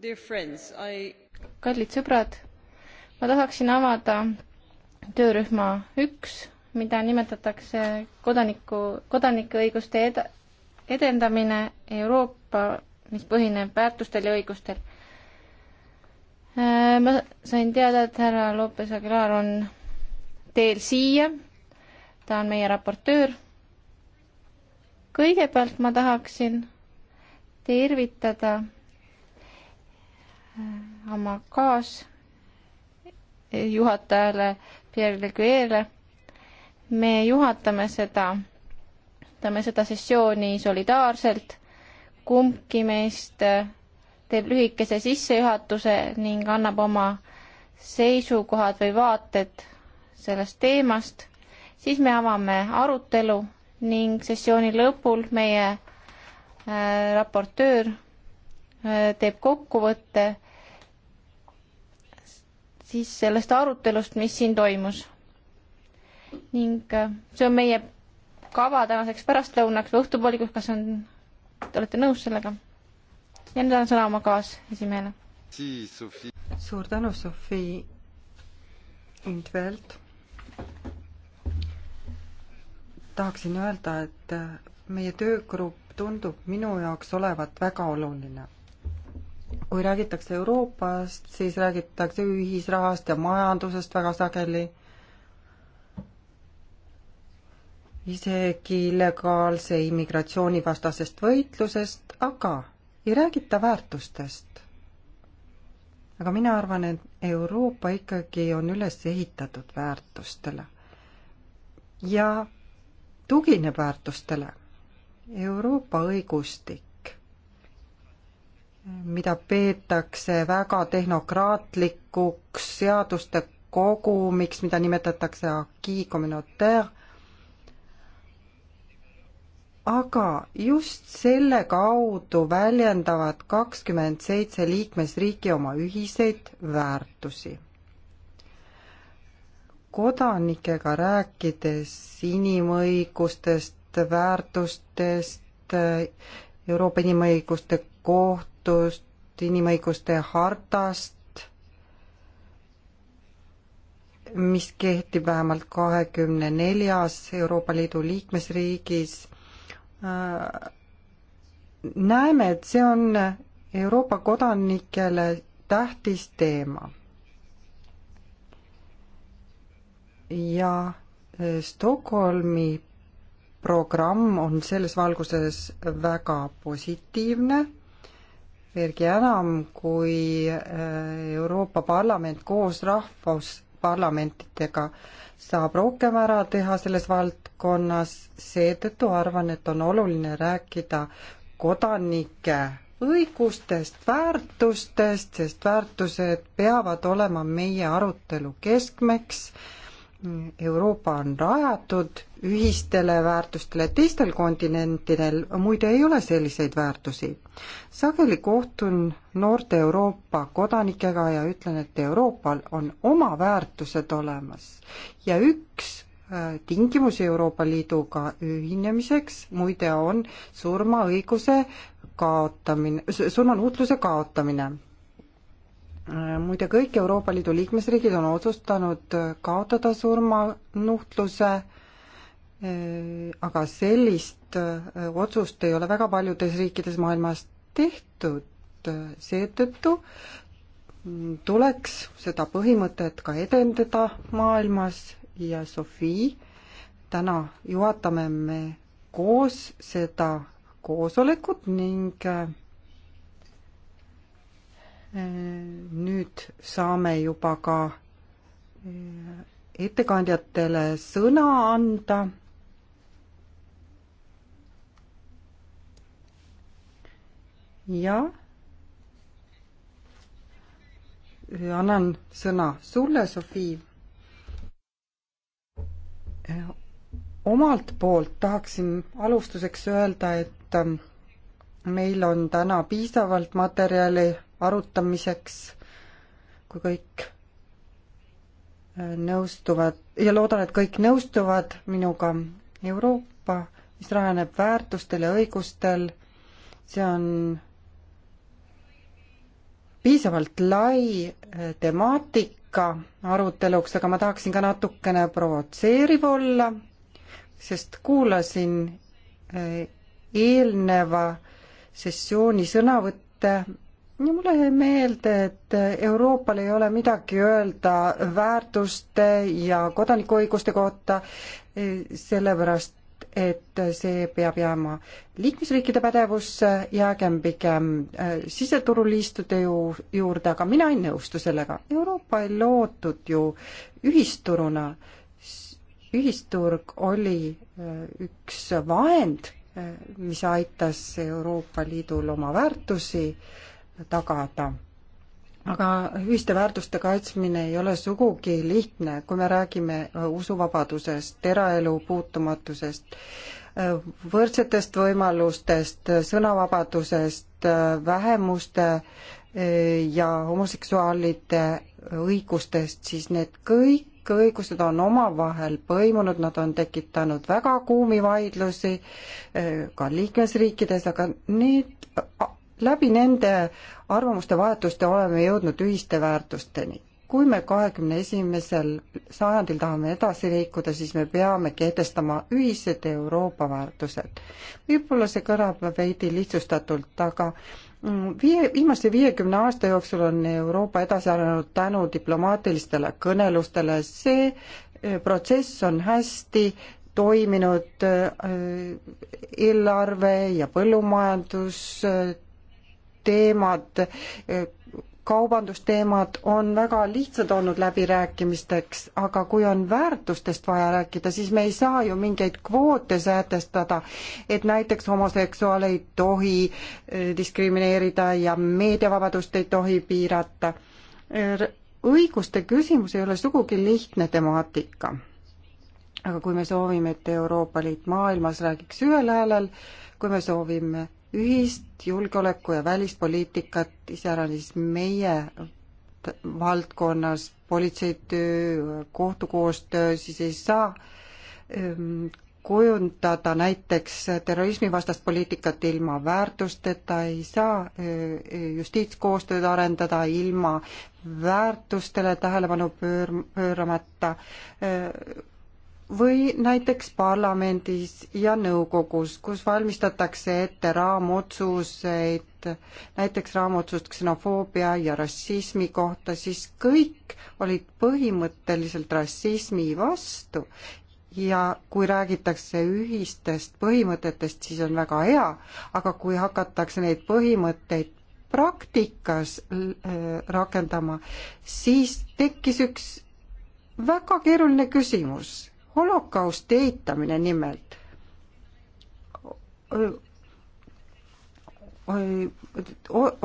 I... kallid sõbrad, ma tahaksin avada töörühma üks, mida nimetatakse kodaniku, kodanikeõiguste ed-, edendamine Euroopa, mis põhineb väärtustel ja õigustel. Äh, ma sain teada, et härra Lopez Aguilar on teel siia, ta on meie raportöör. kõigepealt ma tahaksin tervitada oma kaasjuhatajale Pierre Legue'le. me juhatame seda, juhatame seda sessiooni solidaarselt. kumbki meist teeb lühikese sissejuhatuse ning annab oma seisukohad või vaated sellest teemast, siis me avame arutelu ning sessiooni lõpul meie äh, raportöör teeb kokkuvõtte siis sellest arutelust, mis siin toimus. ning äh, see on meie kava tänaseks pärastlõunaks või õhtupoolikuks, kas on, te olete nõus sellega? ja nüüd annan sõna oma kaasesimehele. suur tänu, Sofi Intvelt. tahaksin öelda, et äh, meie töögrupp tundub minu jaoks olevat väga oluline kui räägitakse Euroopast, siis räägitakse ühisrahast ja majandusest väga sageli, isegi illegaalse immigratsiooni vastasest võitlusest, aga ei räägita väärtustest. aga mina arvan, et Euroopa ikkagi on üles ehitatud väärtustele ja tugineb väärtustele. Euroopa õigustik mida peetakse väga tehnokraatlikuks seaduste kogumiks, mida nimetatakse acquis communautaire, aga just selle kaudu väljendavad kakskümmend seitse liikmesriiki oma ühiseid väärtusi. kodanikega rääkides inimõigustest, väärtustest, Euroopa Inimõiguste kohtust, inimõiguste hartast, mis kehtib vähemalt kahekümne neljas Euroopa Liidu liikmesriigis, näeme, et see on Euroopa kodanikele tähtis teema. ja Stockholmi programm on selles valguses väga positiivne veelgi enam, kui äh, Euroopa Parlament koos rahvusparlamentidega saab rohkem ära teha selles valdkonnas, seetõttu arvan, et on oluline rääkida kodanike õigustest, väärtustest, sest väärtused peavad olema meie arutelu keskmeks äh, Euroopa on rajatud ühistele väärtustele, teistel kontinentidel muide ei ole selliseid väärtusi. sageli kohtun noorte Euroopa kodanikega ja ütlen, et Euroopal on oma väärtused olemas ja üks äh, tingimusi Euroopa Liiduga ühinemiseks muide on surmaõiguse kaotamine, surmanuhtluse kaotamine muide, kõik Euroopa Liidu liikmesriigid on otsustanud kaotada surmanuhtluse, aga sellist äh, otsust ei ole väga paljudes riikides maailmas tehtud, seetõttu tuleks seda põhimõtet ka edendada maailmas ja Sofii, täna juhatame me koos seda koosolekut ning äh, nüüd saame juba ka eh, ettekandjatele sõna anda. ja eh, annan sõna sulle, Sofii. Eh, omalt poolt tahaksin alustuseks öelda, et meil on täna piisavalt materjali arutamiseks, kui kõik äh, nõustuvad ja loodan, et kõik nõustuvad minuga. Euroopa, mis rajaneb väärtustel ja õigustel, see on piisavalt lai äh, temaatika aruteluks, aga ma tahaksin ka natukene provotseeriv olla, sest kuulasin äh, eelneva sessiooni sõnavõtte ja mulle jäi meelde, et Euroopal ei ole midagi öelda väärtuste ja kodanikuõiguste kohta, e, sellepärast et see peab jääma liikmesriikide pädevusse, jäägem pigem e, siseturuliistude ju, juurde, aga mina ei nõustu sellega. Euroopa ei loodud ju ühisturuna, ühisturg oli e, üks vahend, mis aitas Euroopa Liidul oma väärtusi äh, tagada. aga ühiste väärtuste kaitsmine ei ole sugugi lihtne, kui me räägime äh, usuvabadusest, eraelu puutumatusest, äh, võrdsetest võimalustest, äh, sõnavabadusest, vähemuste ja homoseksuaalide õigustest, siis need kõik õigused on omavahel põimunud, nad on tekitanud väga kuumi vaidlusi ka liikmesriikides, aga need läbi nende arvamuste vahetuste oleme jõudnud ühiste väärtusteni. kui me kahekümne esimesel sajandil tahame edasi liikuda, siis me peame kehtestama ühised Euroopa väärtused. võib-olla see kõlab veidi lihtsustatult, aga mm, viie, viimase viiekümne aasta jooksul on Euroopa edasi arenenud tänu diplomaatilistele kõnelustele, see eh, protsess on hästi toiminud, eh, eelarve ja põllumajandus, eh, teemad, kaubandusteemad on väga lihtsad olnud läbirääkimisteks, aga kui on väärtustest vaja rääkida, siis me ei saa ju mingeid kvoote sätestada, et näiteks homoseksuaale ei tohi eh, diskrimineerida ja meediavabadust ei tohi piirata. õiguste küsimus ei ole sugugi lihtne temaatika. aga kui me soovime, et Euroopa Liit maailmas räägiks ühel häälel, kui me soovime ühist julgeoleku- ja välispoliitikat, iseäranis meie valdkonnas, politseitöö, kohtukoostöö, siis ei saa ehm, kujundada näiteks terrorismivastast poliitikat ilma väärtusteta, ei saa eh, justiitskoostööd arendada ilma väärtustele tähelepanu pöör-, pööramata, eh, või näiteks parlamendis ja nõukogus, kus valmistatakse ette raamotsuseid, näiteks raamotsust ksenofoobia ja rassismi kohta, siis kõik olid põhimõtteliselt rassismi vastu. ja kui räägitakse ühistest põhimõtetest, siis on väga hea, aga kui hakatakse neid põhimõtteid praktikas äh, rakendama, siis tekkis üks väga keeruline küsimus holokausti eitamine nimelt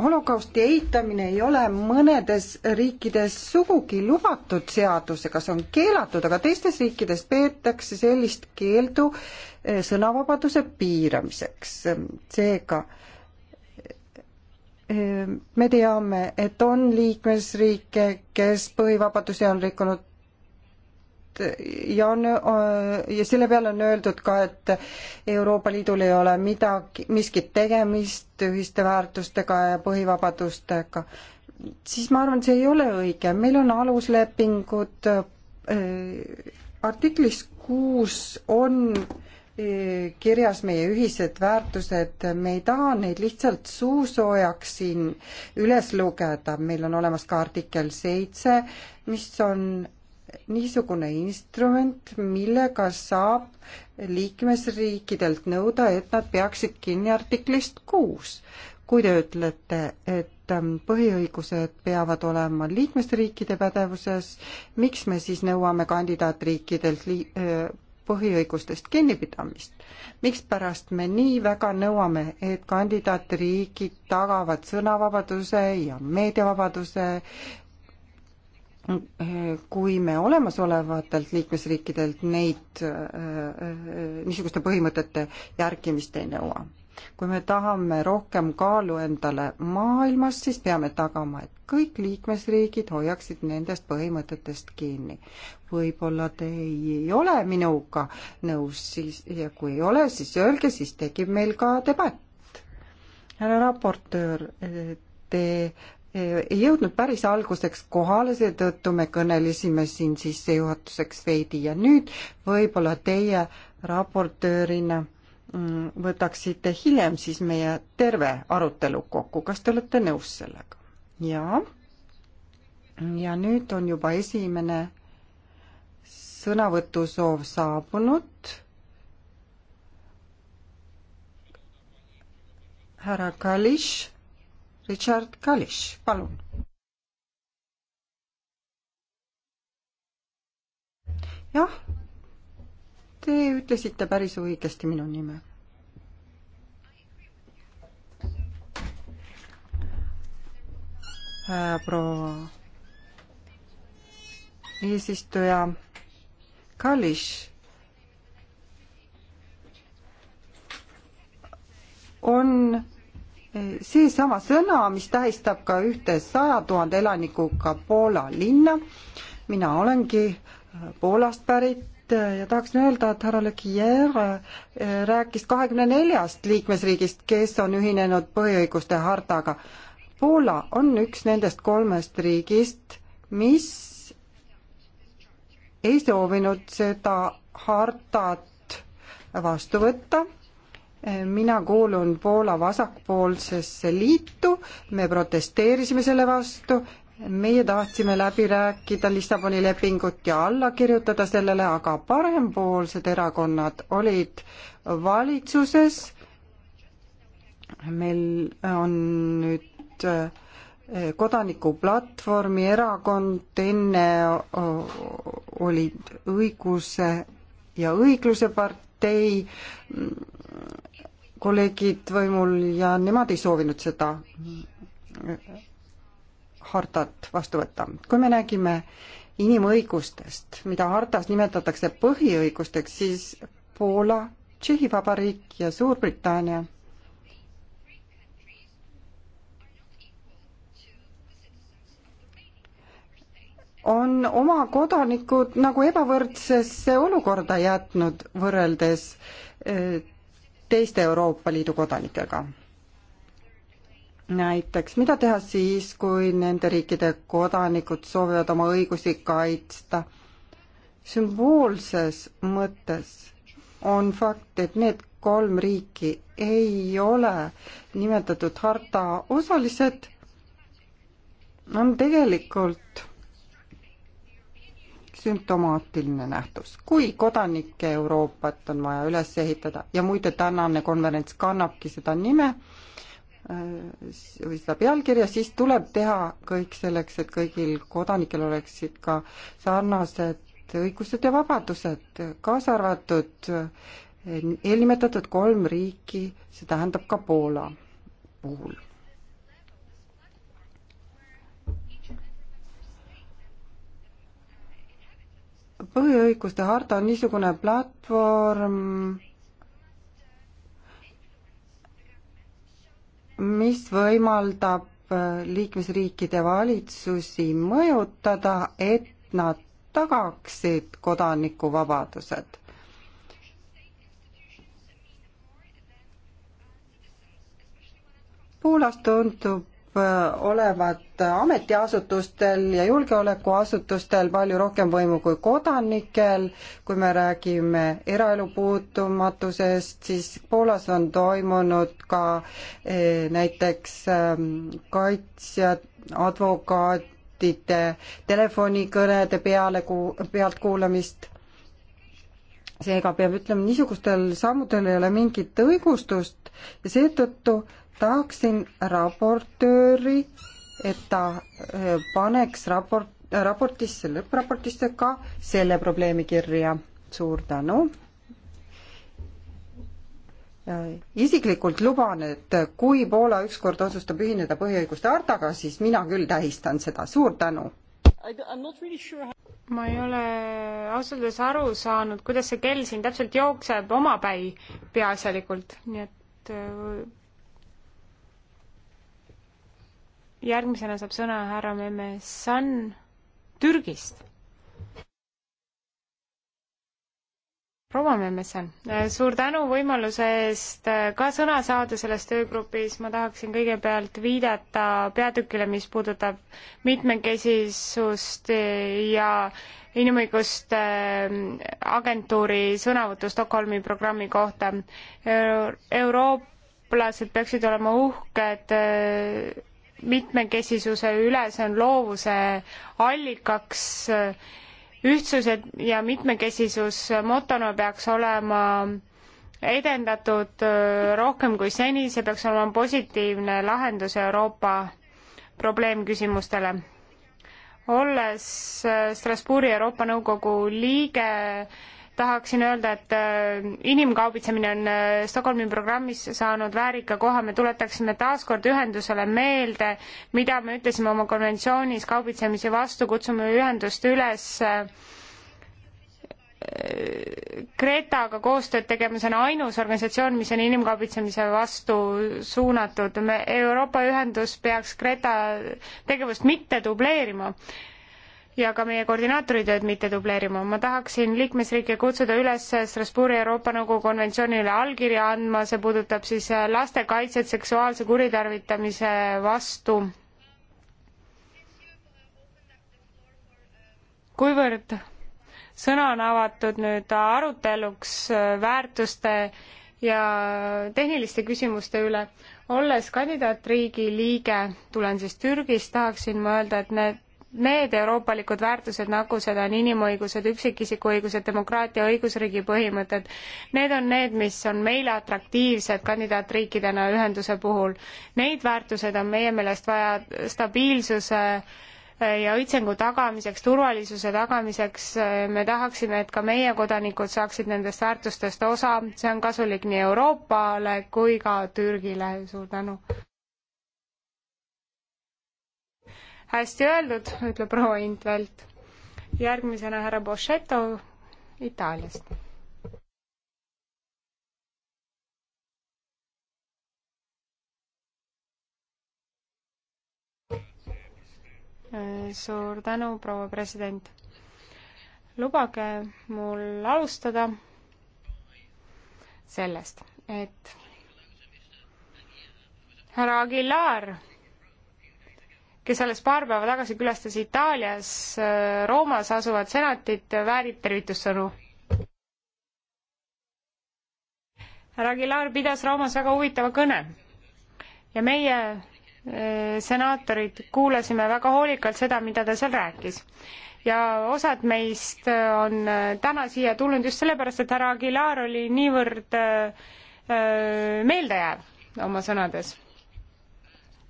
holokausti eitamine ei ole mõnedes riikides sugugi lubatud seadusega, see on keelatud, aga teistes riikides peetakse sellist keeldu eh, sõnavabaduse piiramiseks. seega eh, me teame, et on liikmesriike, kes põhivabadusi on rikkunud ja on ja selle peale on öeldud ka, et Euroopa Liidul ei ole midagi, miskit tegemist ühiste väärtustega ja põhivabadustega, siis ma arvan, see ei ole õige, meil on aluslepingud äh,, artiklis kuus on äh, kirjas meie ühised väärtused, me ei taha neid lihtsalt suusoojaks siin üles lugeda, meil on olemas ka artikkel seitse, mis on niisugune instrument, millega saab liikmesriikidelt nõuda, et nad peaksid kinni artiklist kuus. kui te ütlete, et ähm, põhiõigused peavad olema liikmesriikide pädevuses, miks me siis nõuame kandidaatriikidelt li-, äh, põhiõigustest kinnipidamist. mikspärast me nii väga nõuame, et kandidaatriigid tagavad sõnavabaduse ja meediavabaduse kui me olemasolevatelt liikmesriikidelt neid, niisuguste põhimõtete järgimist ei nõua. kui me tahame rohkem kaalu endale maailmas, siis peame tagama, et kõik liikmesriigid hoiaksid nendest põhimõtetest kinni. võib-olla te ei ole minuga nõus siis ja kui ei ole, siis öelge, siis tekib meil ka debatt. härra raportöör, te ei jõudnud päris alguseks kohale, seetõttu me kõnelesime siin sissejuhatuseks veidi ja nüüd võib-olla teie raportöörina mm, võtaksite hiljem siis meie terve arutelu kokku, kas te olete nõus sellega? jaa. ja nüüd on juba esimene sõnavõtusoov saabunud. härra Kalish Richard Kalish, palun. jah, te ütlesite päris õigesti minu nime. Äh, proua eesistuja Kalish on seesama sõna, mis tähistab ka ühte saja tuhande elanikuga Poola linna. mina olengi äh, Poolast pärit äh, ja tahaksin öelda, et härra Le Guier äh, rääkis kahekümne neljast liikmesriigist, kes on ühinenud põhiõiguste hartaga. Poola on üks nendest kolmest riigist, mis ei soovinud seda hartat vastu võtta mina kuulun Poola vasakpoolsesse liitu, me protesteerisime selle vastu, meie tahtsime läbi rääkida Lissaboni lepingut ja alla kirjutada sellele, aga parempoolsed erakonnad olid valitsuses, meil on nüüd eh, kodanikuplatvormi erakond, enne olid õiguse ja õigluse partei kolleegid võimul ja nemad ei soovinud seda hartat vastu võtta. kui me räägime inimõigustest, mida hartas nimetatakse põhiõigusteks, siis Poola, Tšehhi Vabariik ja Suurbritannia on oma kodanikud nagu ebavõrdsesse olukorda jätnud võrreldes eh, teiste Euroopa Liidu kodanikega. näiteks, mida teha siis, kui nende riikide kodanikud soovivad oma õigusi kaitsta? sümboolses mõttes on fakt, et need kolm riiki ei ole nimetatud harta osalised, on tegelikult sümptomaatiline nähtus. kui kodanike Euroopat on vaja üles ehitada ja muide, tänane konverents kannabki seda nime äh, või seda pealkirja, siis tuleb teha kõik selleks, et kõigil kodanikel oleksid ka sarnased õigused ja vabadused, kaasa arvatud äh, eelnimetatud kolm riiki, see tähendab ka Poola puhul. põhiõiguste harta on niisugune platvorm, mis võimaldab äh, liikmesriikide valitsusi mõjutada, et nad tagaksid kodanikuvabadused. Poolas tundub Äh, olevat ametiasutustel ja julgeolekuasutustel palju rohkem võimu kui kodanikel. kui me räägime eraelu puutumatusest, siis Poolas on toimunud ka äh, näiteks ähm, kaitsjad, advokaatide telefonikõnede peale ku-, pealtkuulamist seega peab ütlema, niisugustel sammudel ei ole mingit õigustust ja seetõttu tahaksin raportööri, et ta äh, paneks raport, raportisse, lõppraportisse ka selle probleemi kirja. suur tänu. isiklikult luban, et kui Poola ükskord otsustab ühineda põhiõiguste hartaga, siis mina küll tähistan seda. suur tänu. Really sure how... ma ei ole ausalt öeldes aru saanud, kuidas see kell siin täpselt jookseb omapäi peaasjalikult, nii et äh, järgmisena saab sõna härra Memesan Türgist. proua Memesan, suur tänu võimaluse eest ka sõna saada selles töögrupis, ma tahaksin kõigepealt viidata peatükile, mis puudutab mitmekesisust ja inimõiguste agentuuri sõnavõttu Stockholmi programmi kohta Euro. eurooplased peaksid olema uhked mitmekesisuse üle, see on loovuse allikaks, ühtsused ja mitmekesisus motona peaks olema edendatud rohkem kui seni, see peaks olema positiivne lahendus Euroopa probleemküsimustele. olles Strasbourgi Euroopa Nõukogu liige, tahaksin öelda, et äh, inimkaubitsemine on äh, Stockholmi programmis saanud väärika koha, me tuletaksime taaskord ühendusele meelde, mida me ütlesime oma konventsioonis kaubitsemise vastu, kutsume ühendust üles äh, Kreetaga koostööd tegema, see on ainus organisatsioon, mis on inimkaubitsemise vastu suunatud. me, Euroopa Ühendus peaks Kreeta tegevust mitte dubleerima ja ka meie koordinaatori tööd mitte dubleerima. ma tahaksin liikmesriike kutsuda üles Strasbourgi Euroopa Nõukogu konventsioonile allkirja andma, see puudutab siis lastekaitset seksuaalse kuritarvitamise vastu. kuivõrd sõna on avatud nüüd aruteluks väärtuste ja tehniliste küsimuste üle, olles kandidaatriigi liige, tulen siis Türgist, tahaksin ma öelda, et need need euroopalikud väärtused, nagu seda on inimõigused, üksikisiku õigused, demokraatia, õigusriigi põhimõtted, need on need, mis on meile atraktiivsed kandidaatriikidena ühenduse puhul. Neid väärtused on meie meelest vaja stabiilsuse äh, ja õitsengu tagamiseks, turvalisuse tagamiseks, me tahaksime, et ka meie kodanikud saaksid nendest väärtustest osa, see on kasulik nii Euroopale kui ka Türgile, suur tänu! hästi öeldud, ütleb proua Intvelt. järgmisena härra Boschetto Itaaliast. suur tänu, proua president. lubage mul alustada sellest, et härra Aguilar kes alles paar päeva tagasi külastas Itaalias äh, Roomas asuvat senatit, väärib tervitussõnu. härra Aguilar pidas Roomas väga huvitava kõne ja meie äh, senaatorid kuulasime väga hoolikalt seda, mida ta seal rääkis. ja osad meist äh, on täna siia tulnud just sellepärast, et härra Aguilar oli niivõrd meeldejääv oma sõnades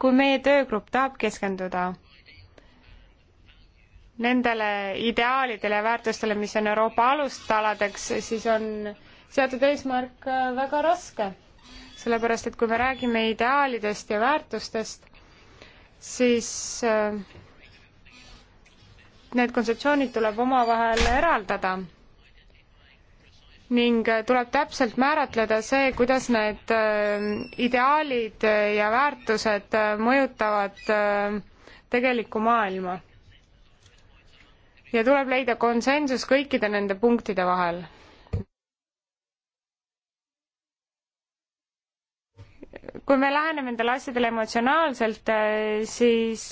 kui meie töögrupp tahab keskenduda nendele ideaalidele ja väärtustele, mis on Euroopa alustaladeks, siis on seatud eesmärk äh, väga raske. sellepärast, et kui me räägime ideaalidest ja väärtustest, siis äh, need kontseptsioonid tuleb omavahel eraldada ning tuleb täpselt määratleda see, kuidas need äh, ideaalid ja väärtused äh, mõjutavad äh, tegelikku maailma. ja tuleb leida konsensus kõikide nende punktide vahel. kui me läheneme nendele asjadele emotsionaalselt, siis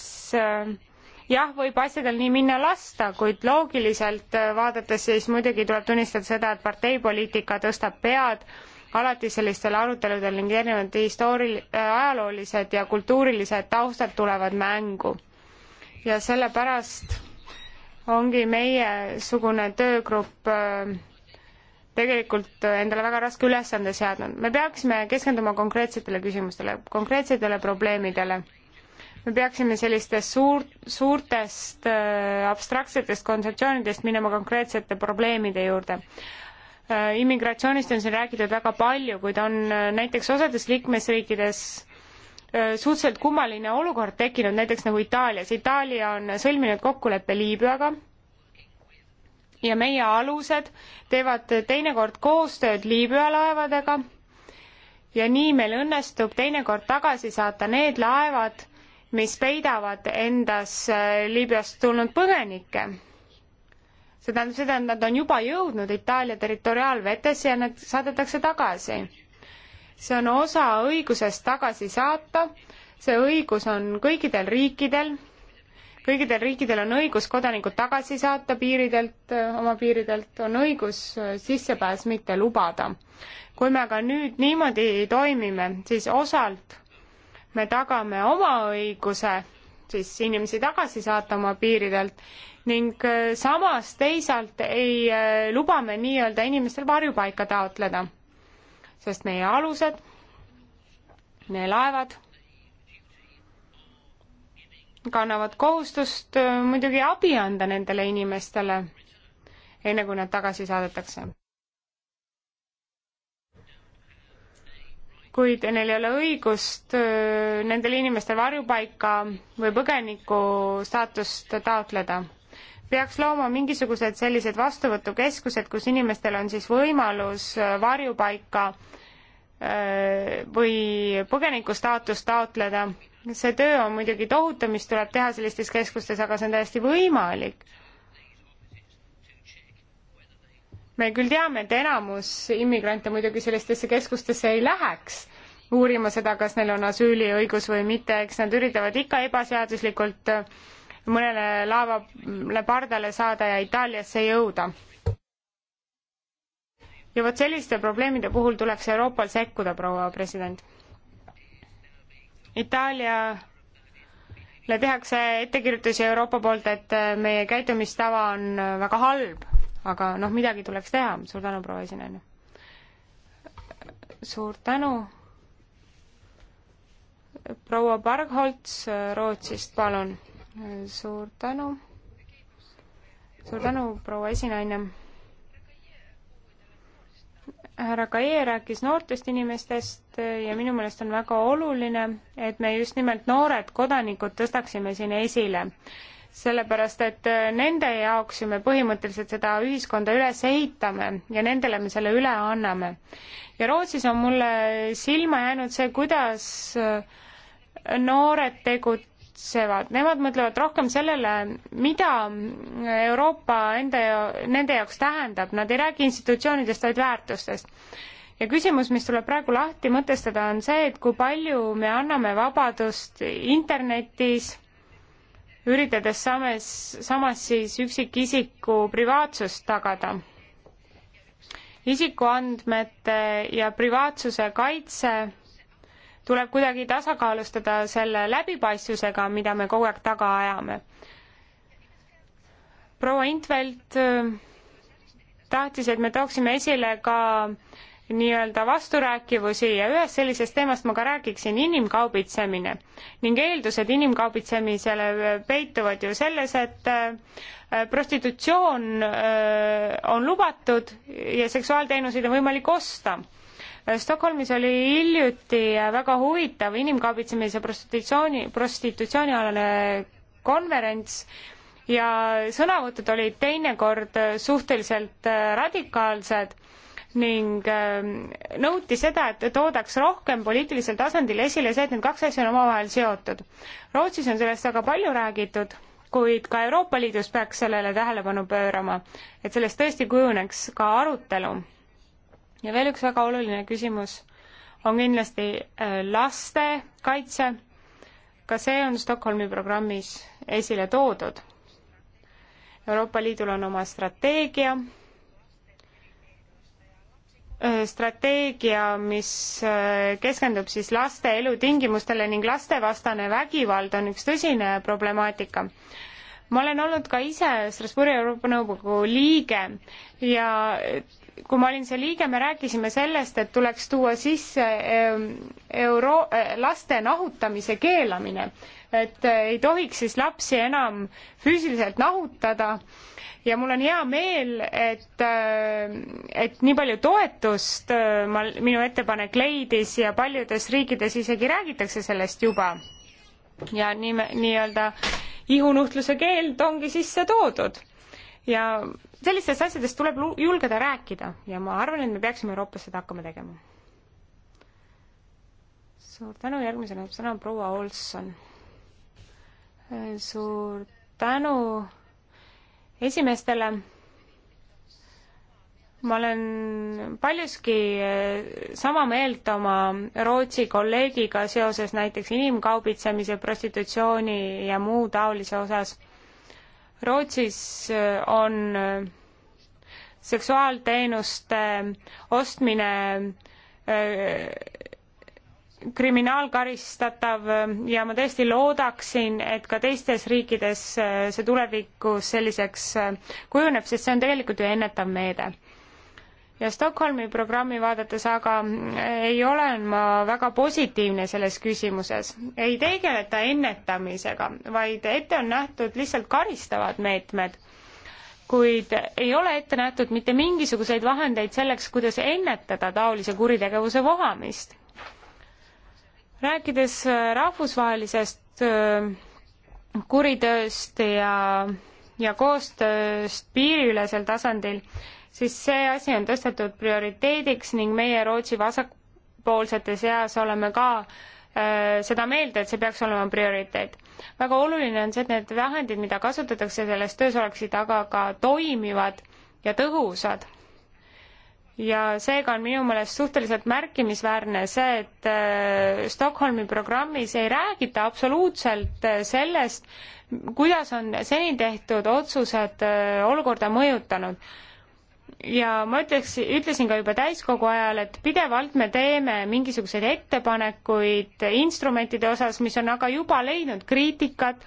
jah, võib asjadel nii minna lasta, kuid loogiliselt äh, vaadates siis muidugi tuleb tunnistada seda, et parteipoliitika tõstab pead alati sellistel aruteludel ning erinevad histoori-, äh, ajaloolised ja kultuurilised taustad tulevad mängu. ja sellepärast ongi meiesugune töögrupp äh, tegelikult endale väga raske ülesande seadnud. me peaksime keskenduma konkreetsetele küsimustele, konkreetsetele probleemidele me peaksime sellistest suur, suurtest äh, abstraktsetest kontseptsioonidest minema konkreetsete probleemide juurde äh,. immigratsioonist on siin räägitud väga palju, kuid on äh, näiteks osades liikmesriikides äh, suhteliselt kummaline olukord tekkinud, näiteks nagu Itaalias. Itaalia on sõlminud kokkuleppe Liibüaga ja meie alused teevad teinekord koostööd Liibüa laevadega ja nii meil õnnestub teinekord tagasi saata need laevad, mis peidavad endas äh, Liibüast tulnud põgenikke. see tähendab seda, et nad on juba jõudnud Itaalia territoriaalvetesse ja nad saadetakse tagasi. see on osa õigusest tagasi saata, see õigus on kõikidel riikidel, kõikidel riikidel on õigus kodanikud tagasi saata piiridelt, äh, oma piiridelt, on õigus äh, sissepääs mitte lubada. kui me aga nüüd niimoodi toimime, siis osalt me tagame oma õiguse siis inimesi tagasi saata oma piiridelt ning äh, samas teisalt ei äh, luba me nii-öelda inimestel varjupaika taotleda, sest meie alused, meie laevad kannavad kohustust äh, muidugi abi anda nendele inimestele, enne kui nad tagasi saadetakse kuid neil ei ole õigust äh, nendel inimestel varjupaika või põgeniku staatust taotleda. peaks looma mingisugused sellised vastuvõtukeskused, kus inimestel on siis võimalus äh, varjupaika äh, või põgeniku staatust taotleda. see töö on muidugi tohutu, mis tuleb teha sellistes keskustes, aga see on täiesti võimalik me küll teame, et enamus immigrante muidugi sellistesse keskustesse ei läheks uurima seda, kas neil on asüüliõigus või mitte, eks nad üritavad ikka ebaseaduslikult mõnele laevale pardale saada ja Itaaliasse jõuda. ja vot selliste probleemide puhul tuleks Euroopal sekkuda, proua president. Itaaliale tehakse ettekirjutusi Euroopa poolt, et meie käitumistava on väga halb aga noh, midagi tuleks teha, suur tänu, proua esinaine. suur tänu. proua Bargholz äh, Rootsist, palun. suur tänu. suur tänu, proua esinaine. härra Kaie rääkis noortest inimestest äh, ja minu meelest on väga oluline, et me just nimelt noored kodanikud tõstaksime siin esile sellepärast et äh, nende jaoks ju me põhimõtteliselt seda ühiskonda üles ehitame ja nendele me selle üle anname. ja Rootsis on mulle silma jäänud see, kuidas äh, noored tegutsevad, nemad mõtlevad rohkem sellele, mida Euroopa enda, nende jaoks tähendab, nad ei räägi institutsioonidest, vaid väärtustest ja küsimus, mis tuleb praegu lahti mõtestada, on see, et kui palju me anname vabadust internetis üritades samas, samas siis üksikisiku privaatsust tagada. isikuandmete ja privaatsuse kaitse tuleb kuidagi tasakaalustada selle läbipaistvusega, mida me kogu aeg taga ajame. proua Intvelt äh, tahtis, et me tooksime esile ka äh, nii-öelda vasturääkivusi ja ühest sellisest teemast ma ka räägiksin, inimkaubitsemine. ning eeldused inimkaubitsemisele peituvad ju selles, et äh, prostitutsioon äh, on lubatud ja seksuaalteenuseid on võimalik osta. Stockholmis oli hiljuti väga huvitav inimkaubitsemise prostitutsiooni, prostitutsioonialane konverents, ja sõnavõtud olid teinekord suhteliselt äh, radikaalsed ning ähm, nõuti seda, et toodaks rohkem poliitilisel tasandil esile see, et need kaks asja on omavahel seotud. Rootsis on sellest väga palju räägitud, kuid ka Euroopa Liidus peaks sellele tähelepanu pöörama, et sellest tõesti kujuneks ka arutelu. ja veel üks väga oluline küsimus on kindlasti äh, laste kaitse. ka see on Stockholmi programmis esile toodud. Euroopa Liidul on oma strateegia strateegia, mis äh, keskendub siis laste elutingimustele ning lastevastane vägivald on üks tõsine problemaatika. ma olen olnud ka ise Strasbourgi Euroopa Nõukogu liige ja äh, kui ma olin see liige, me rääkisime sellest, et tuleks tuua sisse äh, euro-, laste nahutamise keelamine et ei tohiks siis lapsi enam füüsiliselt nahutada ja mul on hea meel, et, äh, et nii palju toetust äh, ma, minu ettepanek leidis ja paljudes riikides isegi räägitakse sellest juba. ja nii, nii-öelda ihunuhtluse keeld ongi sisse toodud. ja sellistest asjadest tuleb julgeda rääkida ja ma arvan, et me peaksime Euroopas seda hakkama tegema. suur tänu, järgmisena sõna proua Olson suur tänu esimestele ma olen paljuski eh, sama meelt oma Rootsi kolleegiga seoses näiteks inimkaubitsemise, prostitutsiooni ja muu taolise osas. Rootsis eh, on eh, seksuaalteenuste ostmine kriminaalkaristatav ja ma tõesti loodaksin, et ka teistes riikides äh, see tulevikus selliseks äh, kujuneb, sest see on tegelikult ju ennetav meede. ja Stockholmi programmi vaadates aga äh, ei ole ma väga positiivne selles küsimuses. ei tegeleta ennetamisega, vaid ette on nähtud lihtsalt karistavad meetmed kuid ei ole ette nähtud mitte mingisuguseid vahendeid selleks, kuidas ennetada taolise kuritegevuse vohamist rääkides äh, rahvusvahelisest äh, kuritööst ja, ja koostööst piiriülesel tasandil, siis see asi on tõstetud prioriteediks ning meie Rootsi vasakpoolsete seas oleme ka äh, seda meelt, et see peaks olema prioriteet. väga oluline on see, et need vahendid, mida kasutatakse selles töös, oleksid aga ka toimivad ja tõhusad ja seega on minu meelest suhteliselt märkimisväärne see, et äh, Stockholmi programmis ei räägita absoluutselt äh, sellest, kuidas on seni tehtud otsused äh, olukorda mõjutanud. ja ma ütleks, ütlesin ka juba täiskogu ajal, et pidevalt me teeme mingisuguseid ettepanekuid instrumentide osas, mis on aga juba leidnud kriitikat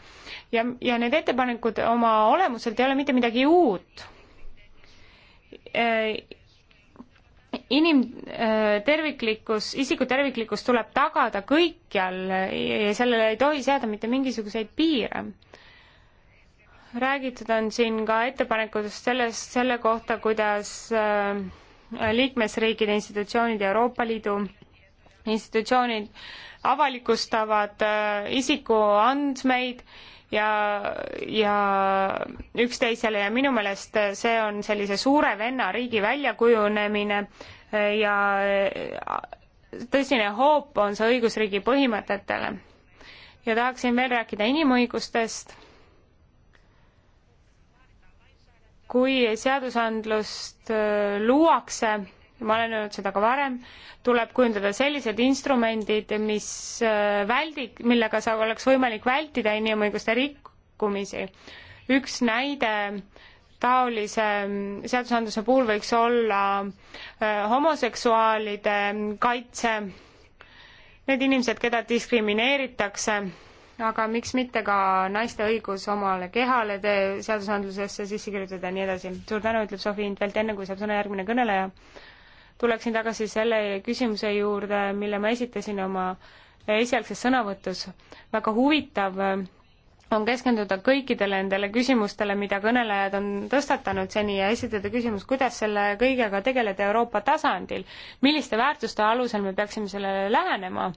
ja, ja need ettepanekud oma olemuselt ei ole mitte midagi uut inim-, äh, terviklikkus, isiku terviklikkus tuleb tagada kõikjal ja sellele ei tohi seada mitte mingisuguseid piire. räägitud on siin ka ettepanekutest sellest, selle kohta, kuidas äh, liikmesriikide institutsioonid ja Euroopa Liidu institutsioonid avalikustavad äh, isikuandmeid ja, ja üksteisele ja minu meelest see on sellise suure venna riigi väljakujunemine ja äh, tõsine hoop on see õigusriigi põhimõtetele. ja tahaksin veel rääkida inimõigustest. kui seadusandlust äh, luuakse, ma olen öelnud seda ka varem, tuleb kujundada sellised instrumendid, mis äh, väldi-, millega sa, oleks võimalik vältida inimõiguste rikkumisi. üks näide äh, taolise seadusandluse puhul võiks olla äh, homoseksuaalide kaitse, need inimesed, keda diskrimineeritakse, aga miks mitte ka naiste õigus omale kehale seadusandlusesse sisse kirjutada ja nii edasi. suur tänu, ütleb Sofi Intvelt, enne kui saab sõna järgmine kõneleja. tuleksin tagasi selle küsimuse juurde, mille ma esitasin oma esialgses sõnavõtus. väga huvitav äh, on keskenduda kõikidele nendele küsimustele, mida kõnelejad on tõstatanud seni ja esitada küsimus, kuidas selle kõigega tegeleda Euroopa tasandil, milliste väärtuste alusel me peaksime sellele lähenema.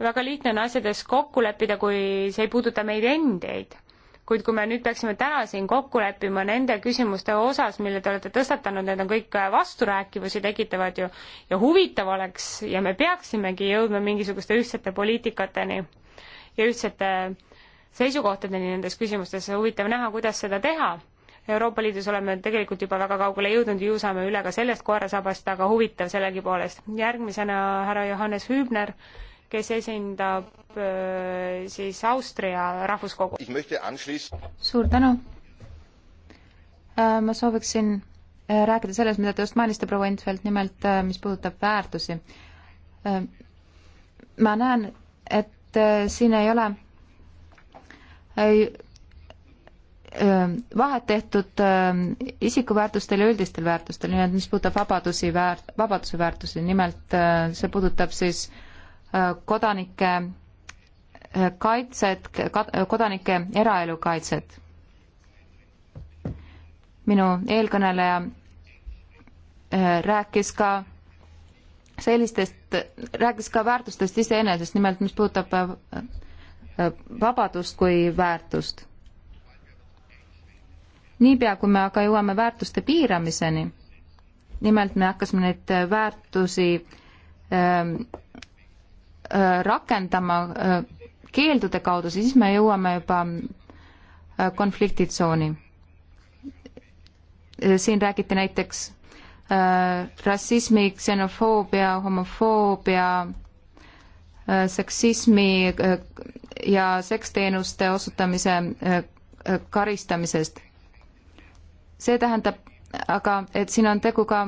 väga lihtne on asjades kokku leppida, kui see ei puuduta meid endeid. kuid kui me nüüd peaksime täna siin kokku leppima nende küsimuste osas, mille te olete tõstatanud, need on kõik vasturääkivusi tekitavad ju, ja huvitav oleks ja me peaksimegi jõudma mingisuguste ühtsete poliitikateni ja ühtsete seisukohtadeni nendes küsimustes, huvitav näha, kuidas seda teha. Euroopa Liidus oleme tegelikult juba väga kaugele jõudnud, ju saame üle ka sellest koerasabast, aga huvitav sellegipoolest. järgmisena härra Johannes Hübner, kes esindab äh, siis Austria rahvuskogu. suur tänu. Äh, ma sooviksin äh, rääkida sellest, mida te just mainisite, proua Infeld, nimelt mis puudutab väärtusi. ma näen, et siin ei ole Ähm, vahet tehtud ähm, isikuväärtustel ja üldistel väärtustel, nii et mis puudutab vabadusi väär-, vabaduse väärtusi, nimelt äh, see puudutab siis äh, kodanike äh, kaitset, kodanike eraelu kaitset. minu eelkõneleja rääkis ka sellistest, rääkis ka väärtustest iseenesest, nimelt mis puudutab Äh, vabadust kui väärtust. niipea, kui me aga jõuame väärtuste piiramiseni, nimelt me hakkasime neid äh, väärtusi ähm, äh, rakendama keeldude kaudu, siis me jõuame juba konfliktitsooni. siin räägiti näiteks rassismi, ksenofoobia, homofoobia, seksismi ja seksteenuste osutamise äh, äh, karistamisest. see tähendab aga, et siin on tegu ka,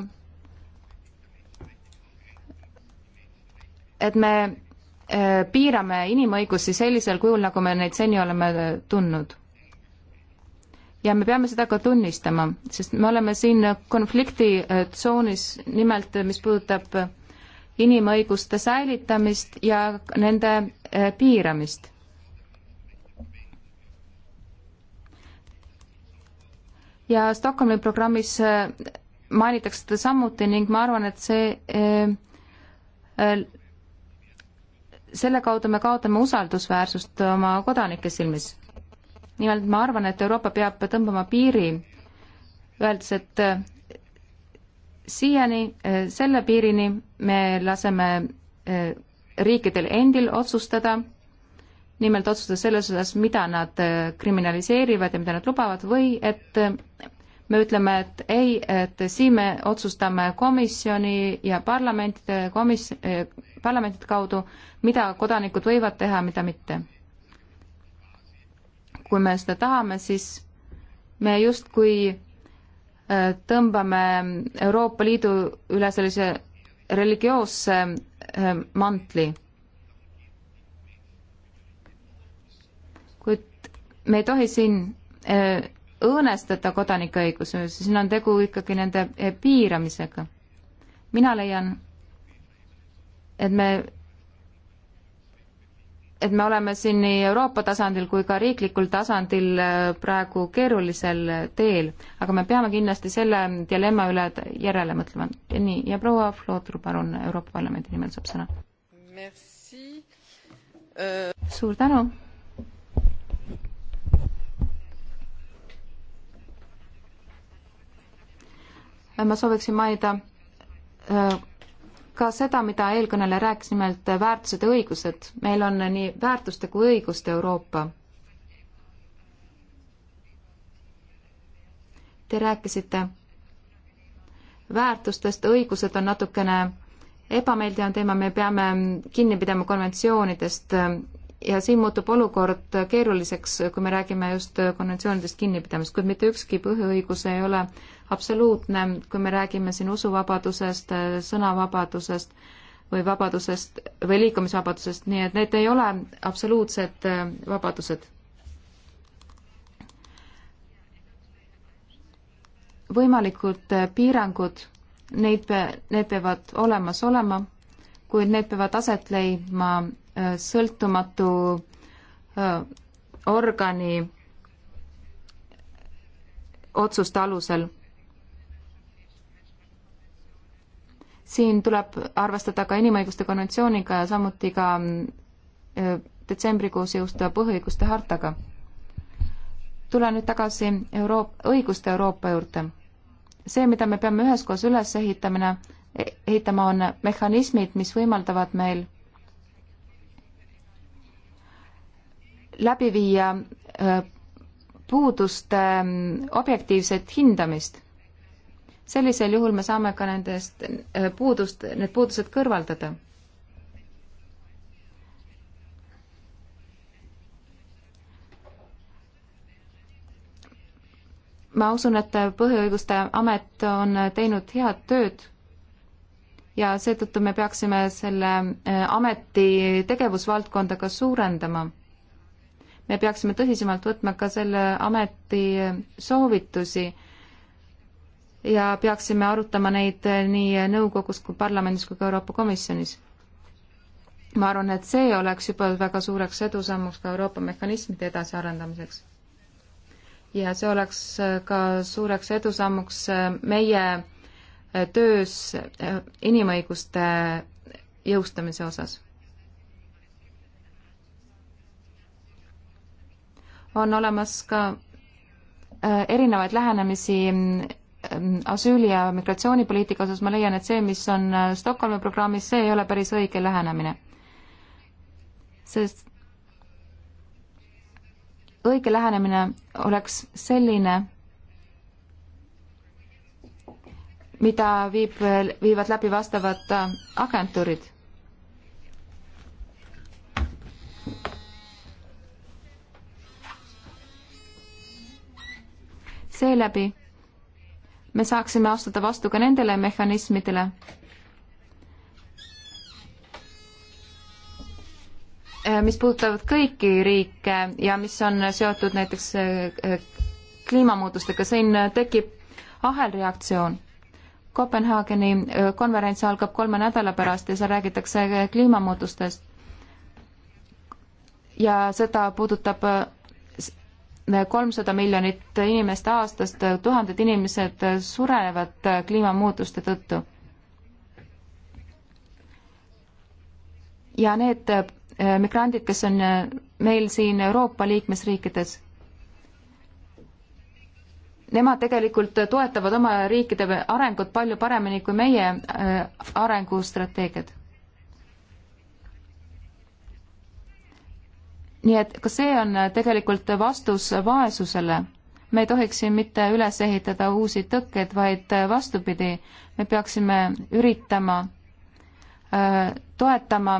et me äh, piirame inimõigusi sellisel kujul, nagu me neid seni oleme tundnud. ja me peame seda ka tunnistama, sest me oleme siin konflikti tsoonis nimelt, mis puudutab inimõiguste säilitamist ja nende piiramist. ja Stockholmi programmis äh, mainitakse seda samuti ning ma arvan, et see, äh, äh, selle kaudu me kaotame usaldusväärsust oma kodanike silmis. nimelt ma arvan, et Euroopa peab tõmbama piiri, öeldes, et siiani, selle piirini me laseme riikidel endil otsustada nimelt otsustada selles osas, mida nad äh, kriminaliseerivad ja mida nad lubavad või et äh, me ütleme, et ei, et siin me otsustame komisjoni ja parlamentide komis-, äh, parlamentide kaudu, mida kodanikud võivad teha, mida mitte. kui me seda tahame, siis me justkui tõmbame Euroopa Liidu üle sellise religioosse mantli me ei tohi siin äh, õõnestada kodanike õigusi, siin on tegu ikkagi nende äh, piiramisega. mina leian, et me, et me oleme siin nii Euroopa tasandil kui ka riiklikul tasandil äh, praegu keerulisel teel, aga me peame kindlasti selle dilemma üle järele mõtlema. nii, ja proua Flootru, palun, Euroopa Parlamendi nimel saab sõna. Merci uh.... suur tänu ma sooviksin mainida äh, ka seda, mida eelkõneleja rääkis, nimelt väärtused ja õigused. meil on nii väärtuste kui õiguste Euroopa. Te rääkisite väärtustest, õigused on natukene ebameeldiv teema, me peame kinni pidama konventsioonidest ja siin muutub olukord keeruliseks, kui me räägime just konventsioonidest kinnipidamist, kuid mitte ükski põhiõigus ei ole äh, absoluutne, kui me räägime siin usuvabadusest, sõnavabadusest või vabadusest või liikumisvabadusest, nii et need ei ole absoluutsed äh, vabadused. võimalikud äh, piirangud, neid, need peavad olemas olema, kuid need peavad aset leidma äh, sõltumatu organi otsuste alusel siin tuleb arvestada ka inimõiguste konventsiooniga ja samuti ka mm, detsembrikuus jõustuva põhiõiguste hartaga. tulen nüüd tagasi Euroop-, õiguste Euroopa juurde. see, mida me peame üheskoos üles ehitamine, e-, ehitama, on mehhanismid, mis võimaldavad meil läbi viia puuduste mm, objektiivset hindamist sellisel juhul me saame ka nendest äh, puudust, need puudused kõrvaldada. ma usun, et Põhiõiguste Amet on teinud head tööd ja seetõttu me peaksime selle äh, ameti tegevusvaldkonda ka suurendama me peaksime tõsisemalt võtma ka selle ameti soovitusi ja peaksime arutama neid nii nõukogus kui parlamendis kui ka Euroopa Komisjonis. ma arvan, et see oleks juba väga suureks edusammuks ka Euroopa mehhanismide edasiarendamiseks. ja see oleks ka suureks edusammuks meie töös inimõiguste jõustamise osas. on olemas ka erinevaid lähenemisi Ähm, asüüli- ja migratsioonipoliitika osas ma leian, et see, mis on äh, Stockholmi programmis, see ei ole päris õige lähenemine. sest õige lähenemine oleks selline, mida viib, viivad läbi vastavad äh, agentuurid. seeläbi me saaksime astuda vastu ka nendele mehhanismidele, äh, mis puudutavad kõiki riike ja mis on seotud näiteks äh, kliimamuutustega, siin äh, tekib ahelreaktsioon. Kopenhaageni konverents algab kolme nädala pärast ja seal räägitakse kliimamuutustest. ja seda puudutab kolmsada miljonit inimest aastast, tuhanded inimesed surevad kliimamuutuste tõttu. ja need äh, migrandid, kes on äh, meil siin Euroopa liikmesriikides, nemad tegelikult toetavad oma riikide arengut palju paremini kui meie äh, arengustrateegiad nii et ka see on äh, tegelikult vastus vaesusele. me ei tohiks siin mitte üles ehitada uusi tõkkeid, vaid äh, vastupidi, me peaksime üritama äh, toetama,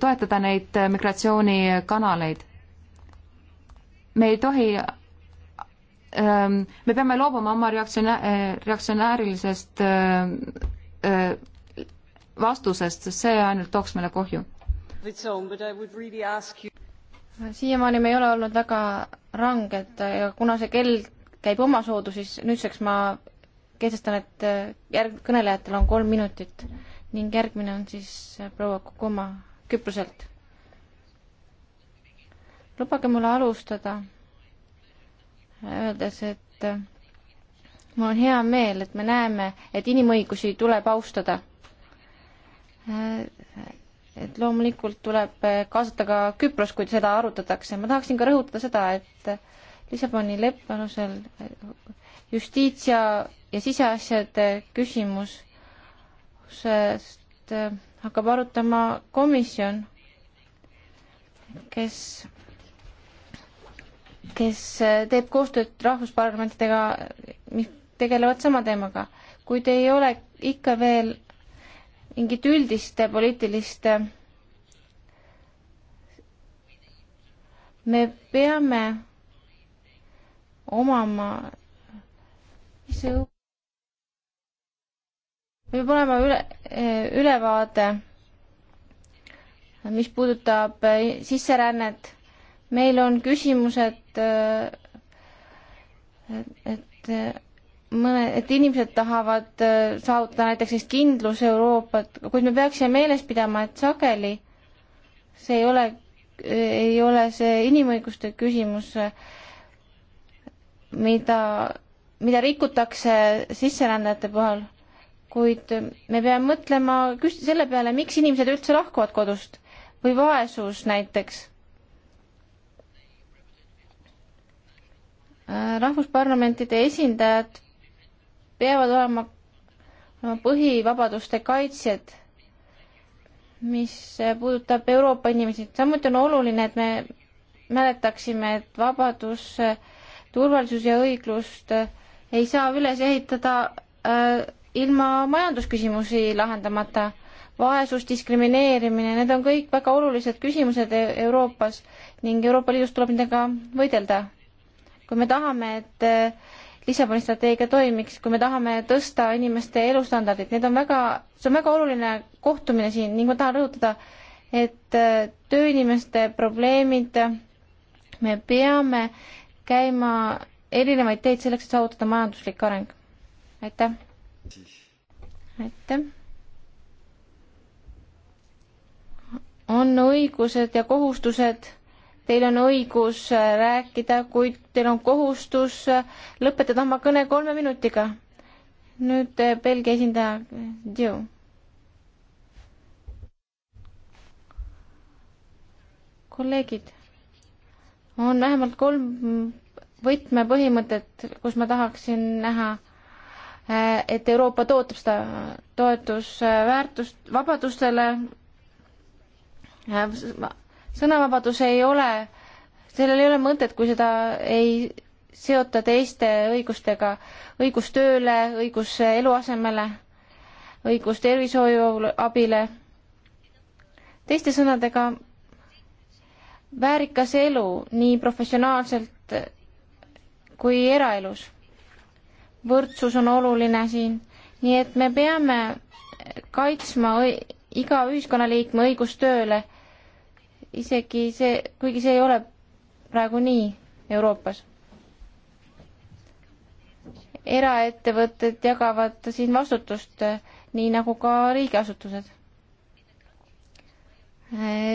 toetada neid migratsioonikanaleid. me ei tohi, ähm, me peame loobuma oma reaktsionä-, reaktsionäärilisest vastusest, sest see ainult tooks meile kohju siiamaani me ei ole olnud väga ranged ja kuna see kell käib omasoodu, siis nüüdseks ma kehtestan, et äh, järg-, kõnelejatel on kolm minutit ning järgmine on siis äh, proua Kukuma Küproselt. lubage mulle alustada, äh, öeldes, et mul on hea meel, et me näeme, et inimõigusi tuleb austada et loomulikult tuleb eh, kaasata ka Küpros, kui seda arutatakse. ma tahaksin ka rõhutada seda, et eh, Lissaboni leppe alusel eh, justiits- ja, ja siseasjade küsimus, sest hakkab arutama komisjon, kes, kes teeb koostööd rahvusparlamentidega, mis tegelevad sama teemaga. kuid ei ole ikka veel mingit üldist poliitilist me peame omama peab olema üle, ülevaade, mis puudutab eh, sisserännet. meil on küsimused, eh, et, et mõned inimesed tahavad äh, saavutada näiteks sellist kindluseuroopat, kuid me peaksime meeles pidama, et sageli see ei ole, äh, ei ole see inimõiguste küsimus, äh, mida, mida rikutakse sisserändajate puhul, kuid me peame mõtlema küs-, selle peale, miks inimesed üldse lahkuvad kodust või vaesus näiteks rahvusparlamentide esindajad peavad olema põhivabaduste kaitsjad, mis puudutab Euroopa inimesi. samuti on oluline, et me mäletaksime, et vabadus, turvalisus ja õiglust ei saa üles ehitada äh, ilma majandusküsimusi lahendamata. vaesus, diskrimineerimine, need on kõik väga olulised küsimused e-, Euroopas ning Euroopa Liidus tuleb nendega võidelda. kui me tahame, et äh, Lissaboni strateegia toimiks, kui me tahame tõsta inimeste elustandardit, need on väga, see on väga oluline kohtumine siin ning ma tahan rõhutada, et äh, tööinimeste probleemid, me peame käima erinevaid teid selleks, et saavutada majanduslik areng. aitäh! aitäh! on õigused ja kohustused Teil on õigus äh, rääkida, kuid teil on kohustus äh, lõpetada oma kõne kolme minutiga. nüüd äh, Belgia esindaja, Joe. kolleegid, on vähemalt kolm võtmepõhimõtet, kus ma tahaksin näha, et Euroopa tootab seda toetusväärtust vabadustele, sõnavabadus ei ole, sellel ei ole mõtet, kui seda ei seota teiste õigustega, õigus tööle, õigus eluasemele, õigus tervishoiuabile. teiste sõnadega, väärikas elu nii professionaalselt kui eraelus. võrdsus on oluline siin, nii et me peame kaitsma iga ühiskonnaliikme õigust tööle isegi see, kuigi see ei ole praegu nii Euroopas. eraettevõtted jagavad siin vastutust, nii nagu ka riigiasutused.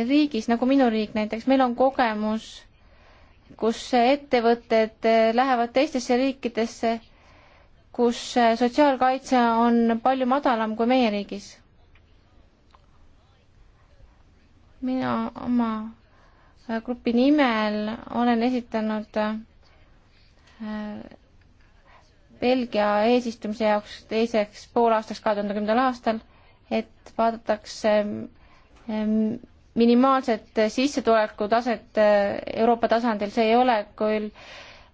riigis, nagu minu riik näiteks, meil on kogemus, kus ettevõtted lähevad teistesse riikidesse, kus sotsiaalkaitse on palju madalam kui meie riigis mina oma äh, grupi nimel olen esitanud äh, Belgia eesistumise jaoks teiseks poolaastaks kahe tuhande kümnendal aastal, et vaadatakse ähm, minimaalset sissetulekutaset äh, Euroopa tasandil, see ei ole küll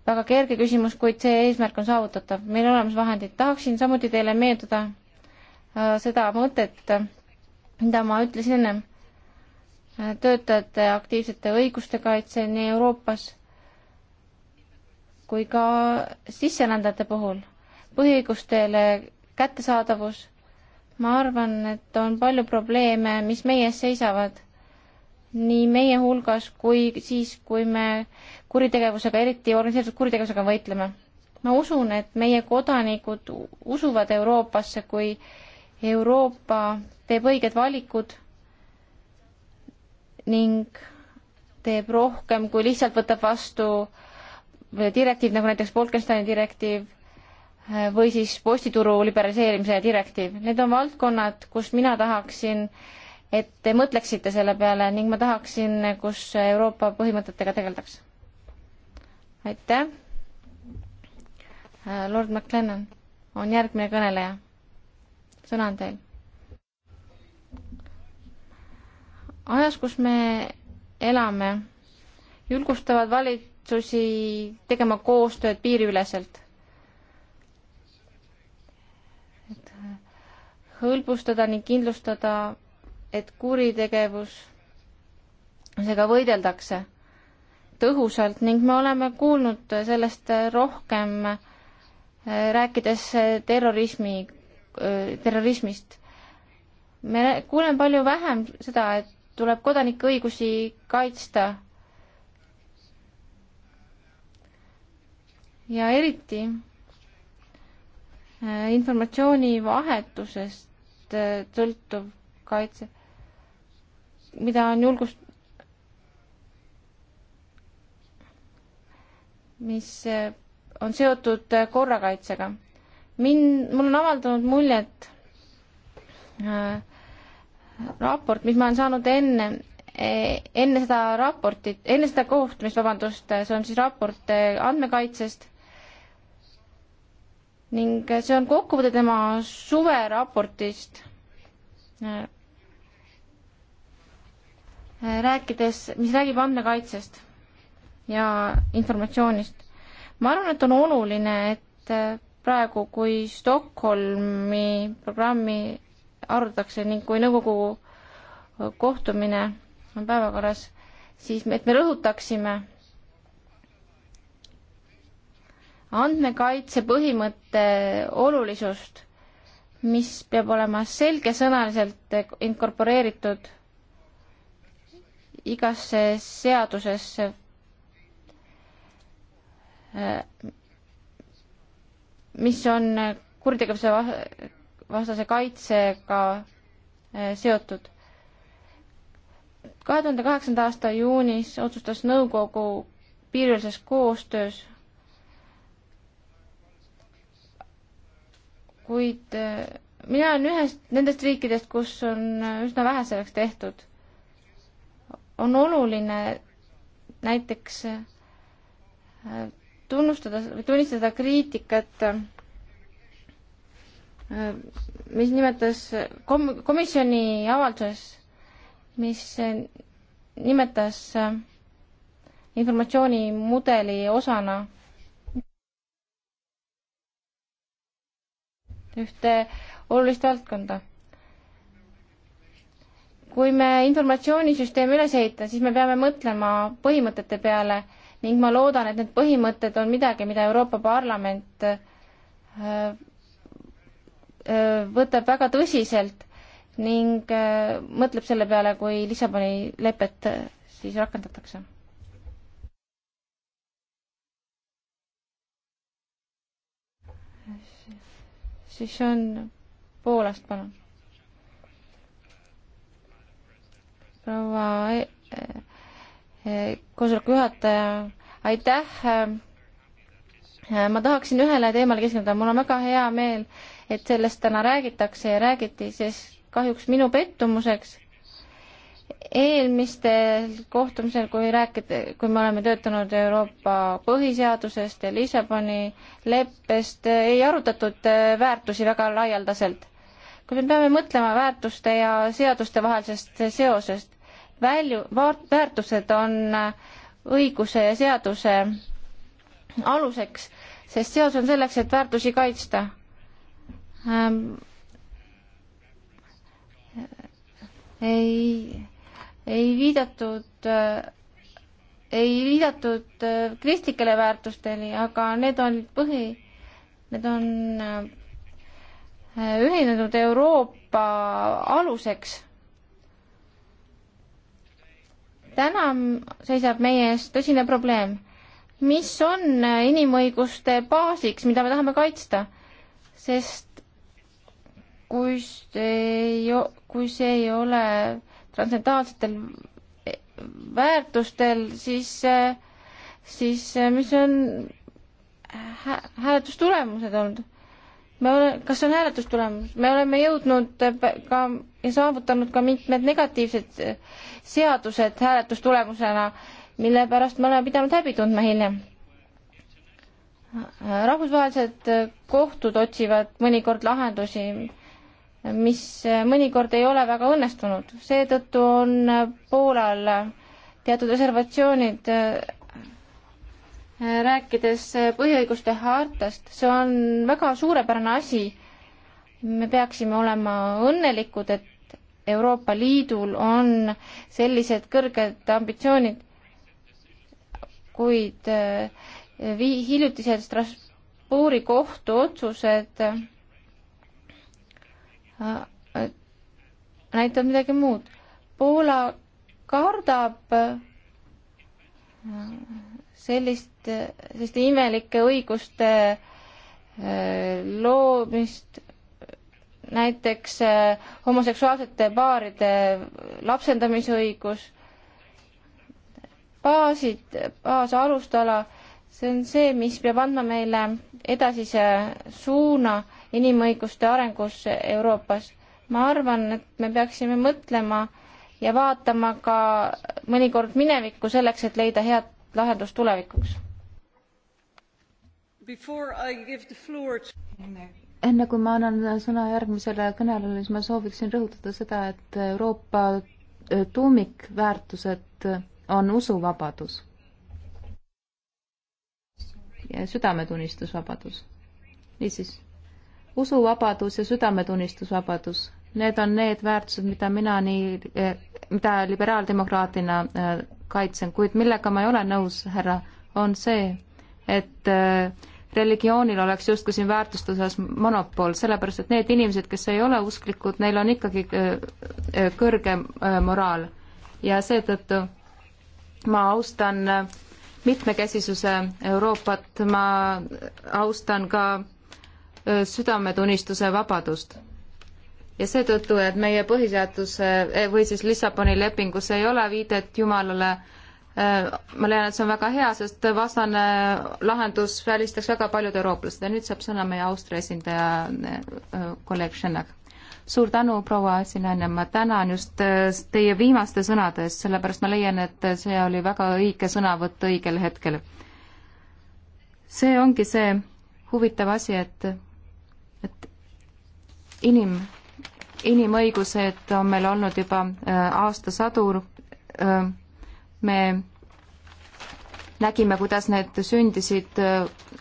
väga kerge küsimus, kuid see eesmärk on saavutatav, meil on olemas vahendid. tahaksin samuti teile meenutada seda mõtet, mida ma ütlesin ennem töötajate aktiivsete õiguste kaitse nii Euroopas kui ka sisserändajate puhul. põhiõigustele kättesaadavus, ma arvan, et on palju probleeme, mis meie ees seisavad, nii meie hulgas kui siis, kui me kuritegevusega, eriti organiseeritud kuritegevusega võitleme. ma usun, et meie kodanikud usuvad Euroopasse, kui Euroopa teeb õiged valikud ning teeb rohkem, kui lihtsalt võtab vastu direktiiv, nagu näiteks Bolkesteini direktiiv eh, või siis postituru liberaliseerimise direktiiv. Need on valdkonnad, kus mina tahaksin, et te mõtleksite selle peale ning ma tahaksin, kus Euroopa põhimõtetega tegeldaks. aitäh. Eh, Lord McLennan on järgmine kõneleja. sõna on teil ajas, kus me elame, julgustavad valitsusi tegema koostööd piiriüleselt. et hõlbustada ning kindlustada, et kuritegevusega võideldakse tõhusalt ning me oleme kuulnud sellest rohkem eh, rääkides terrorismi, eh, terrorismist. me kuuleme palju vähem seda, et tuleb kodanike õigusi kaitsta. ja eriti äh, informatsioonivahetusest äh, sõltuv kaitse, mida on julgust-, mis äh, on seotud korrakaitsega. min-, mul on avaldanud muljet äh, raport, mis ma olen saanud enne, enne seda raportit, enne seda kohtumist, vabandust, see on siis raport eh, andmekaitsest ning see on kokkuvõte tema suveraportist. Eh, rääkides, mis räägib andmekaitsest ja informatsioonist. ma arvan, et on oluline, et eh, praegu, kui Stockholmi programmi arutatakse ning kui nõukogu kohtumine on päevakorras, siis et me rõhutaksime andmekaitse põhimõtte olulisust, mis peab olema selgesõnaliselt inkorporeeritud igasse seadusesse, mis on kuritegevuse vastase kaitsega eh, seotud. kahe tuhande kaheksanda aasta juunis otsustas nõukogu piirilises koostöös, kuid eh, mina olen ühest nendest riikidest, kus on eh, üsna vähe selleks tehtud. on oluline näiteks tunnustada või tunnistada kriitikat mis nimetas kom-, komisjoni avalduses, mis nimetas informatsioonimudeli osana ühte olulist valdkonda. kui me informatsioonisüsteemi üles ehitame, siis me peame mõtlema põhimõtete peale ning ma loodan, et need põhimõtted on midagi, mida Euroopa Parlament äh, Äh, võtab väga tõsiselt ning äh, mõtleb selle peale, kui Lissaboni lepet äh, siis rakendatakse. siis on Poolast, palun. proua koosoleku juhataja, aitäh Äh, ma tahaksin ühele teemale keskenduda, mul on väga hea meel, et sellest täna räägitakse ja räägiti, sest kahjuks minu pettumuseks eelmistel kohtumisel, kui rääkida, kui me oleme töötanud Euroopa põhiseadusest ja Lissaboni leppest, äh, ei arutatud äh, väärtusi väga laialdaselt. kui me peame mõtlema väärtuste ja seaduste vahelisest seosest, välju, väärtused on õiguse ja seaduse aluseks, sest seadus on selleks, et väärtusi kaitsta ähm,. ei, ei viidatud äh, ei viidatud äh, kristlikele väärtustele, aga need on põhi, need on äh, ühinenud Euroopa aluseks. täna seisab meie ees tõsine probleem mis on inimõiguste baasiks, mida me tahame kaitsta. sest kui see ei, kui see ei ole transcendentaalsetel e-, väärtustel, siis, siis mis on hä hääletustulemused olnud? me ole-, kas on hääletustulemus, me oleme jõudnud ka ja saavutanud ka mitmed negatiivsed seadused hääletustulemusena äh, mille pärast me oleme pidanud häbi tundma hiljem. rahvusvahelised kohtud otsivad mõnikord lahendusi, mis mõnikord ei ole väga õnnestunud, seetõttu on Poolal teatud reservatsioonid äh, rääkides põhiõiguste hartast, see on väga suurepärane asi. me peaksime olema õnnelikud, et Euroopa Liidul on sellised kõrged ambitsioonid kuid eh, vi-, hiljutised Strasbourgi kohtuotsused eh, näitavad midagi muud. Poola kardab eh, sellist, selliste imelike õiguste loomist, näiteks homoseksuaalsete paaride lapsendamisõigus baasid, baasalustala, see on see, mis peab andma meile edasise suuna inimõiguste arengus Euroopas. ma arvan, et me peaksime mõtlema ja vaatama ka mõnikord minevikku selleks, et leida head lahendust tulevikuks. enne enne kui ma annan sõna järgmisele kõnelejale, siis ma sooviksin rõhutada seda, et Euroopa tuumikväärtused on usuvabadus. ja südametunnistusvabadus. niisiis, usuvabadus ja südametunnistusvabadus, need on need väärtused, mida mina nii, eh, mida liberaaldemokraatina eh, kaitsen, kuid millega ma ei ole nõus, härra, on see, et eh, religioonil oleks justkui siin väärtuste osas monopol, sellepärast et need inimesed, kes ei ole usklikud, neil on ikkagi kõrge moraal ja seetõttu ma austan äh, mitmekesisuse Euroopat, ma austan ka äh, südametunnistuse vabadust. ja seetõttu, et meie põhiseaduse äh, või siis Lissaboni lepingus ei ole viidet Jumalale, ma leian, et see on väga hea, sest vastane lahendus välistaks väga paljud eurooplased ja nüüd saab sõna meie Austria esindaja kolleeg Šennak suur tänu, proua Sinaine, ma tänan just äh, teie viimaste sõnade eest, sellepärast ma leian, et see oli väga õige sõnavõtt õigel hetkel. see ongi see huvitav asi, et, et inim, inimõigused on meil olnud juba äh, aastasadu äh, me nägime, kuidas need sündisid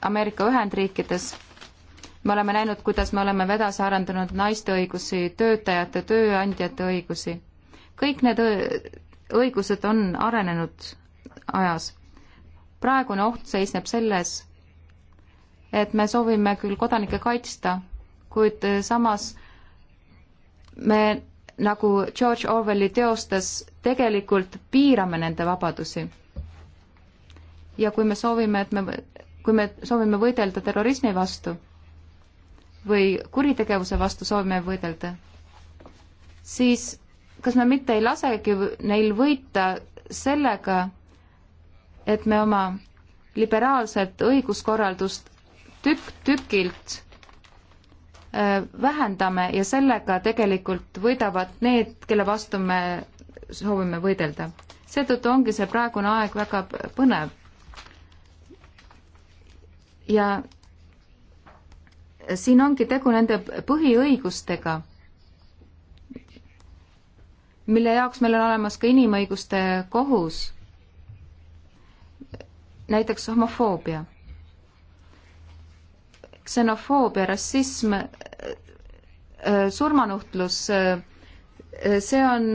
Ameerika Ühendriikides me oleme näinud, kuidas me oleme vedas arendanud naiste õigusi, töötajate, tööandjate õigusi. kõik need õigused on arenenud ajas. praegune oht seisneb selles, et me soovime küll kodanikke kaitsta, kuid eh, samas me nagu George Orwelli teostes tegelikult piirame nende vabadusi. ja kui me soovime, et me, kui me soovime võidelda terrorismi vastu või kuritegevuse vastu soovime võidelda, siis kas me mitte ei lasegi neil võita sellega, et me oma liberaalset õiguskorraldust tükk tükilt äh, vähendame ja sellega tegelikult võidavad need, kelle vastu me soovime võidelda. seetõttu ongi see praegune aeg väga põnev. ja siin ongi tegu nende põhiõigustega, mille jaoks meil on olemas ka inimõiguste kohus, näiteks homofoobia, ksenofoobia, rassism, surmanuhtlus, see on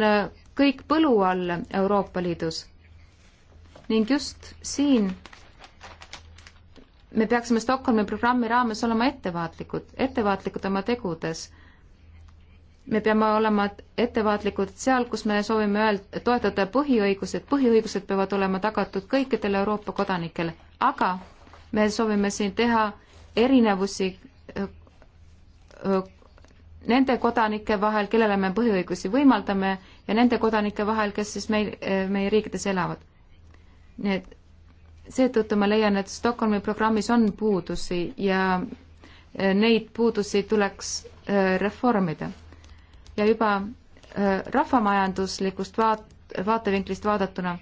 kõik põlu all Euroopa Liidus. ning just siin me peaksime Stockholmi programmi raames olema ettevaatlikud, ettevaatlikud oma tegudes. me peame olema ettevaatlikud seal, kus me soovime öelda, toetada põhiõigused, põhiõigused peavad olema tagatud kõikidele Euroopa kodanikele, aga me soovime siin teha erinevusi äh, äh, nende kodanike vahel, kellele me põhiõigusi võimaldame ja nende kodanike vahel, kes siis meil, äh, meie riikides elavad. nii et seetõttu ma leian, et Stockholmi programmis on puudusi ja äh, neid puudusi tuleks äh, reformida. ja juba äh, rahvamajanduslikust vaat-, vaatevinklist vaadatuna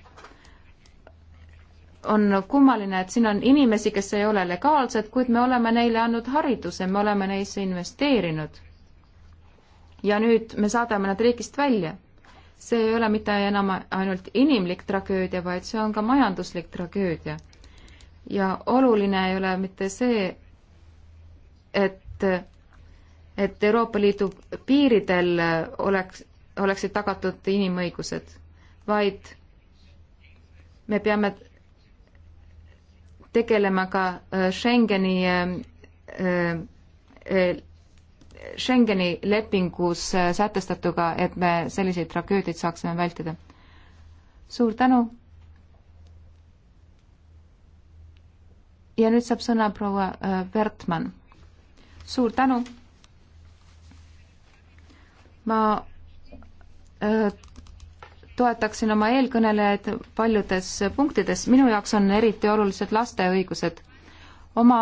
on kummaline, et siin on inimesi, kes ei ole legaalsed, kuid me oleme neile andnud hariduse, me oleme neisse investeerinud. ja nüüd me saadame nad riigist välja see ei ole mitte enam ainult inimlik tragöödia, vaid see on ka majanduslik tragöödia. ja oluline ei ole mitte see, et, et Euroopa Liidu piiridel oleks, oleksid tagatud inimõigused, vaid me peame tegelema ka äh, Schengeni äh, äh, Schengeni lepingus äh, sätestatuga, et me selliseid tragöödiaid saaksime vältida. suur tänu. ja nüüd saab sõna proua äh, Wertmann. suur tänu. ma äh, toetaksin oma eelkõnelejaid paljudes punktides, minu jaoks on eriti olulised laste õigused. oma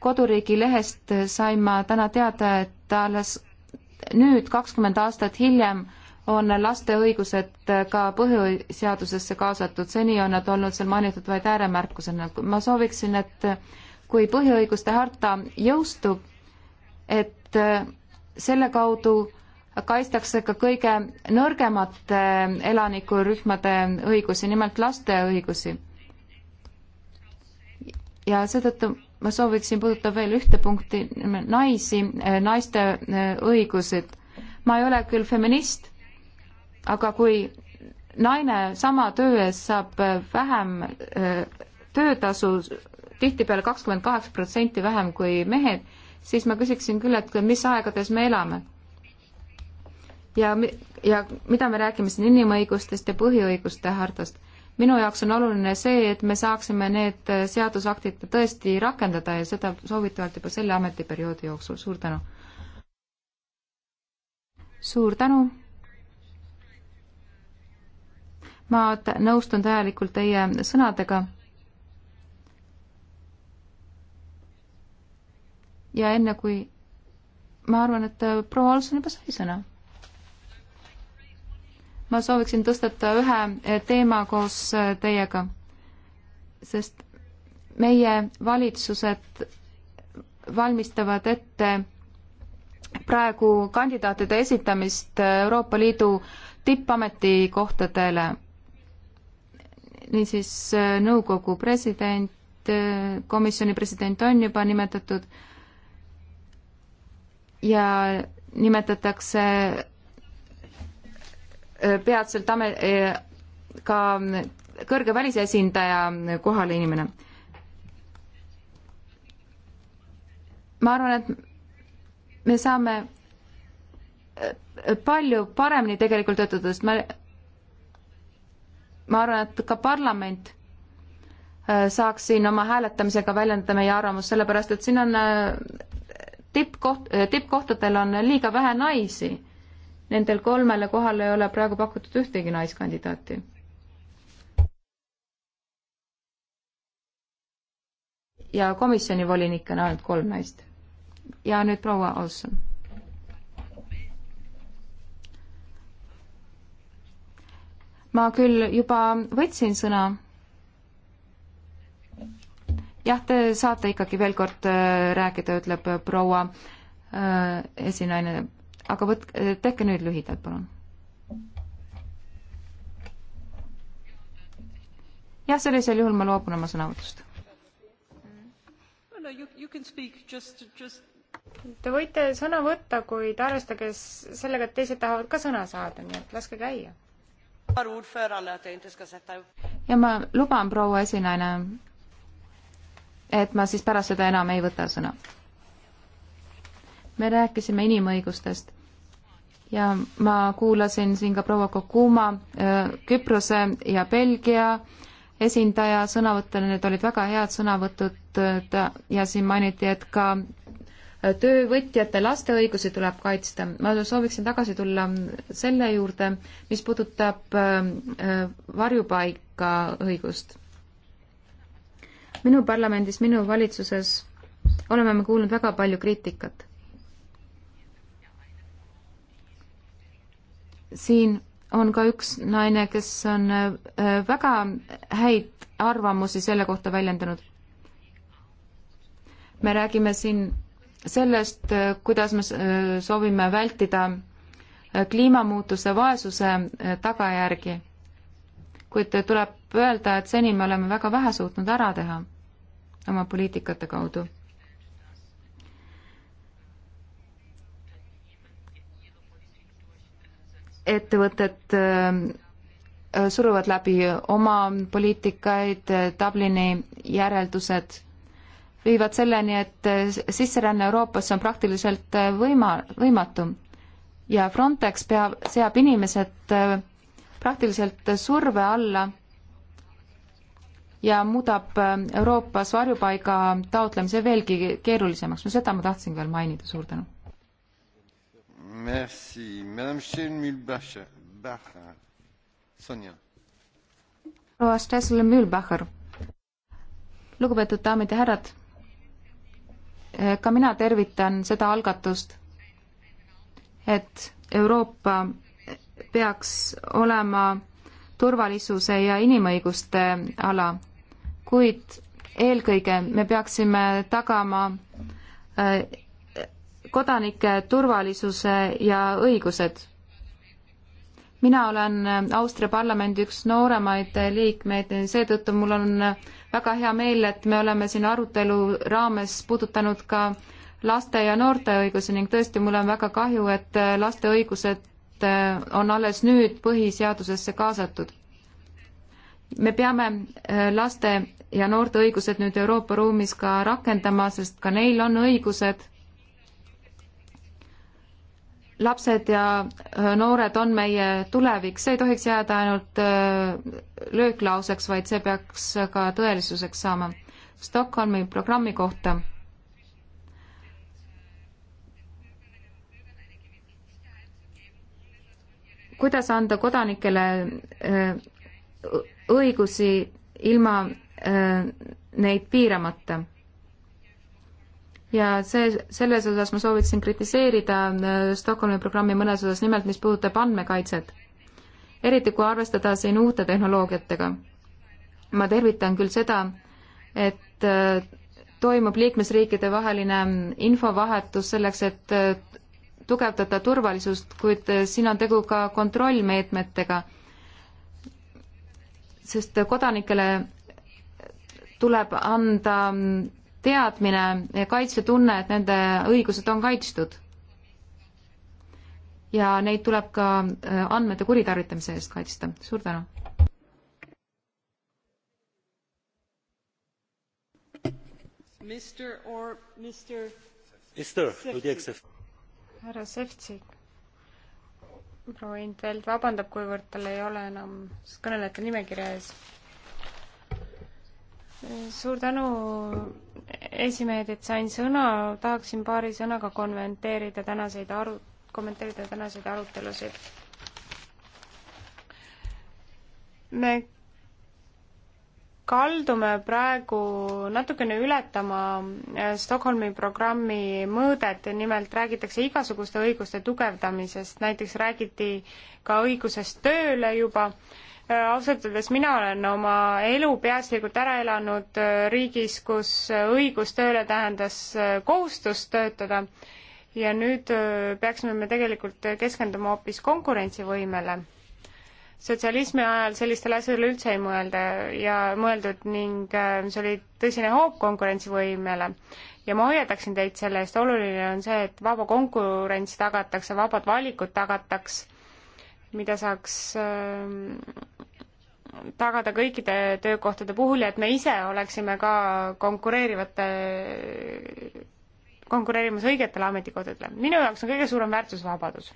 koduriigi lehest sain ma täna teada, et mõista alles nüüd, kakskümmend aastat hiljem, on laste õigused ka põhiseadusesse kaasatud, seni on nad olnud seal mainitud vaid ääremärkusena. ma sooviksin, et kui põhiõiguste harta jõustub, et selle kaudu kaitstakse ka kõige nõrgemate elanikurühmade õigusi, nimelt laste õigusi. ja seetõttu ma sooviksin puudutada veel ühte punkti, naisi, eh, naiste eh, õigused. ma ei ole küll feminist, aga kui naine sama töö eest saab eh, vähem töötasu, tihtipeale kakskümmend kaheksa protsenti vähem kui mehed, siis ma küsiksin küll, et mis aegades me elame ja, ja mida me räägime siin inimõigustest ja põhiõiguste hardast minu jaoks on oluline see, et me saaksime need seadusaktid tõesti rakendada ja seda soovitavalt juba selle ametiperioodi jooksul, suur tänu! suur tänu! ma nõustun täielikult teie sõnadega ja enne kui ma arvan, et proua Alson juba sai sõna ma sooviksin tõstata ühe eh, teema koos eh, teiega, sest meie valitsused valmistavad ette praegu kandidaatide esitamist eh, Euroopa Liidu tippametikohtadele. niisiis nõukogu president, komisjoni president on juba nimetatud ja nimetatakse peatselt e, ka kõrge välisesindaja kohale inimene. ma arvan, et me saame e, palju paremini tegelikult töötada, sest me, ma arvan, et ka parlament e, saaks siin oma hääletamisega väljendada meie arvamust, sellepärast et siin on tippkoht, tippkohtadel on liiga vähe naisi Nendel kolmele kohale ei ole praegu pakutud ühtegi naiskandidaati. ja komisjoni volinikena ainult kolm naist. ja nüüd proua Olson. ma küll juba võtsin sõna jah, te saate ikkagi veel kord äh, rääkida, ütleb proua äh, esinaine aga võt-, eh, tehke nüüd lühidalt, palun. jah, sellisel juhul ma loobun oma sõnavõtust. Te võite sõna võtta, kuid arvestage sellega, et teised tahavad ka sõna saada, nii et laske käia. ja ma luban, proua esinaine, et ma siis pärast seda enam ei võta sõna me rääkisime inimõigustest ja ma kuulasin siin ka proua Kokuma, äh, Küprose ja Belgia esindaja sõnavõtte, need olid väga head sõnavõtud äh, ja siin mainiti, et ka äh, töövõtjate laste õigusi tuleb kaitsta. ma sooviksin tagasi tulla selle juurde, mis puudutab varjupaika õigust. minu parlamendis, minu valitsuses oleme me kuulnud väga palju kriitikat siin on ka üks naine, kes on äh, väga häid arvamusi selle kohta väljendanud. me räägime siin sellest, äh, kuidas me äh, soovime vältida kliimamuutuse vaesuse tagajärgi. kuid tuleb öelda, et seni me oleme väga vähe suutnud ära teha oma poliitikate kaudu ettevõtted äh, suruvad läbi oma poliitikaid, Dublini järeldused viivad selleni, et äh, sisseränne Euroopasse on praktiliselt äh, võima, võimatu ja Frontex peab, seab inimesed praktiliselt surve alla ja muudab Euroopas varjupaiga taotlemise veelgi keerulisemaks. no seda ma tahtsin veel mainida, suur tänu proua Stressel Mühlbacher. lugupeetud daamid ja härrad. ka mina tervitan seda algatust, et Euroopa peaks olema turvalisuse ja inimõiguste ala, kuid eelkõige me peaksime tagama äh, kodanike turvalisuse ja õigused. mina olen Austria parlamendi üks nooremaid liikmeid, seetõttu mul on väga hea meel, et me oleme siin arutelu raames puudutanud ka laste ja noorte õigusi ning tõesti, mul on väga kahju, et laste õigused on alles nüüd põhiseadusesse kaasatud. me peame äh, laste ja noorte õigused nüüd Euroopa ruumis ka rakendama, sest ka neil on õigused lapsed ja äh, noored on meie tulevik, see ei tohiks jääda ainult äh, lööklauseks, vaid see peaks ka tõelisuseks saama. Stockholmi programmi kohta. kuidas anda kodanikele äh, õigusi ilma neid piiramata ja see, selles osas ma sooviksin kritiseerida äh, Stockholmi programmi mõnes osas, nimelt mis puudutab andmekaitset. eriti kui arvestada siin uute tehnoloogiatega. ma tervitan küll seda, et äh, toimub liikmesriikide vaheline infovahetus selleks, et äh, tugevdada turvalisust, kuid siin on tegu ka kontrollmeetmetega, sest kodanikele tuleb anda mm, teadmine, kaitsetunne, et nende õigused on kaitstud. ja neid tuleb ka äh, andmete kuritarvitamise eest kaitsta. suur tänu! härra Sevtsik proua Intveld vabandab, kuivõrd tal ei ole enam kõnelejate nimekirja ees suur tänu, esimehed, et sain sõna, tahaksin paari sõnaga kommenteerida tänaseid aru-, kommenteerida tänaseid arutelusid. me kaldume praegu natukene ületama äh, Stockholmi programmi mõõdet, nimelt räägitakse igasuguste õiguste tugevdamisest, näiteks räägiti ka õigusest tööle juba äh,, ausalt öeldes mina olen oma elu peaasjalikult ära elanud äh, riigis, kus äh, õigus tööle tähendas äh, kohustust töötada ja nüüd peaksime me tegelikult keskenduma hoopis konkurentsivõimele. sotsialismi ajal sellistele asjadele üldse ei mõelda ja mõeldud ning see oli tõsine hoop konkurentsivõimele. ja ma hoiataksin teid selle eest, oluline on see, et vaba konkurents tagatakse, vabad valikud tagataks, mida saaks äh, tagada kõikide töökohtade puhul ja et me ise oleksime ka konkureerivate, konkureerimas õigetele ametikohtadele. minu jaoks on kõige suurem väärtus vabadus.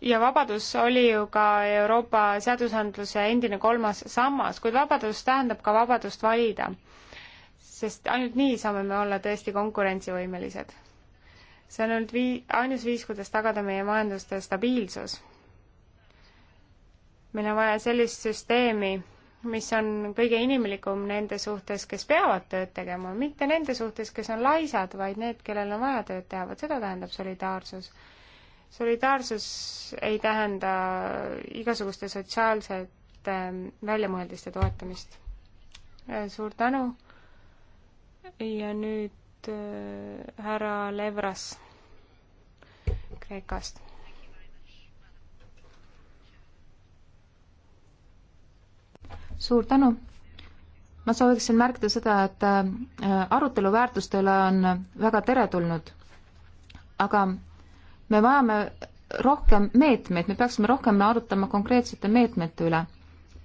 ja vabadus oli ju ka Euroopa seadusandluse endine kolmas sammas, kuid vabadus tähendab ka vabadust valida. sest ainult nii saame me olla tõesti konkurentsivõimelised. see on ainult vii-, ainus viis, kuidas tagada meie majanduste stabiilsus meil on vaja sellist süsteemi, mis on kõige inimlikum nende suhtes, kes peavad tööd tegema, mitte nende suhtes, kes on laisad, vaid need, kellel on vaja tööd teha, vot seda tähendab solidaarsus. solidaarsus ei tähenda igasuguste sotsiaalsete ähm, väljamõeldiste toetamist. Äh, suur tänu ja nüüd äh, härra Levras Kreekast suur tänu! ma sooviksin märkida seda, et äh, arutelu väärtuste üle on väga teretulnud, aga me vajame rohkem meetmeid, me peaksime rohkem arutama konkreetsete meetmete üle.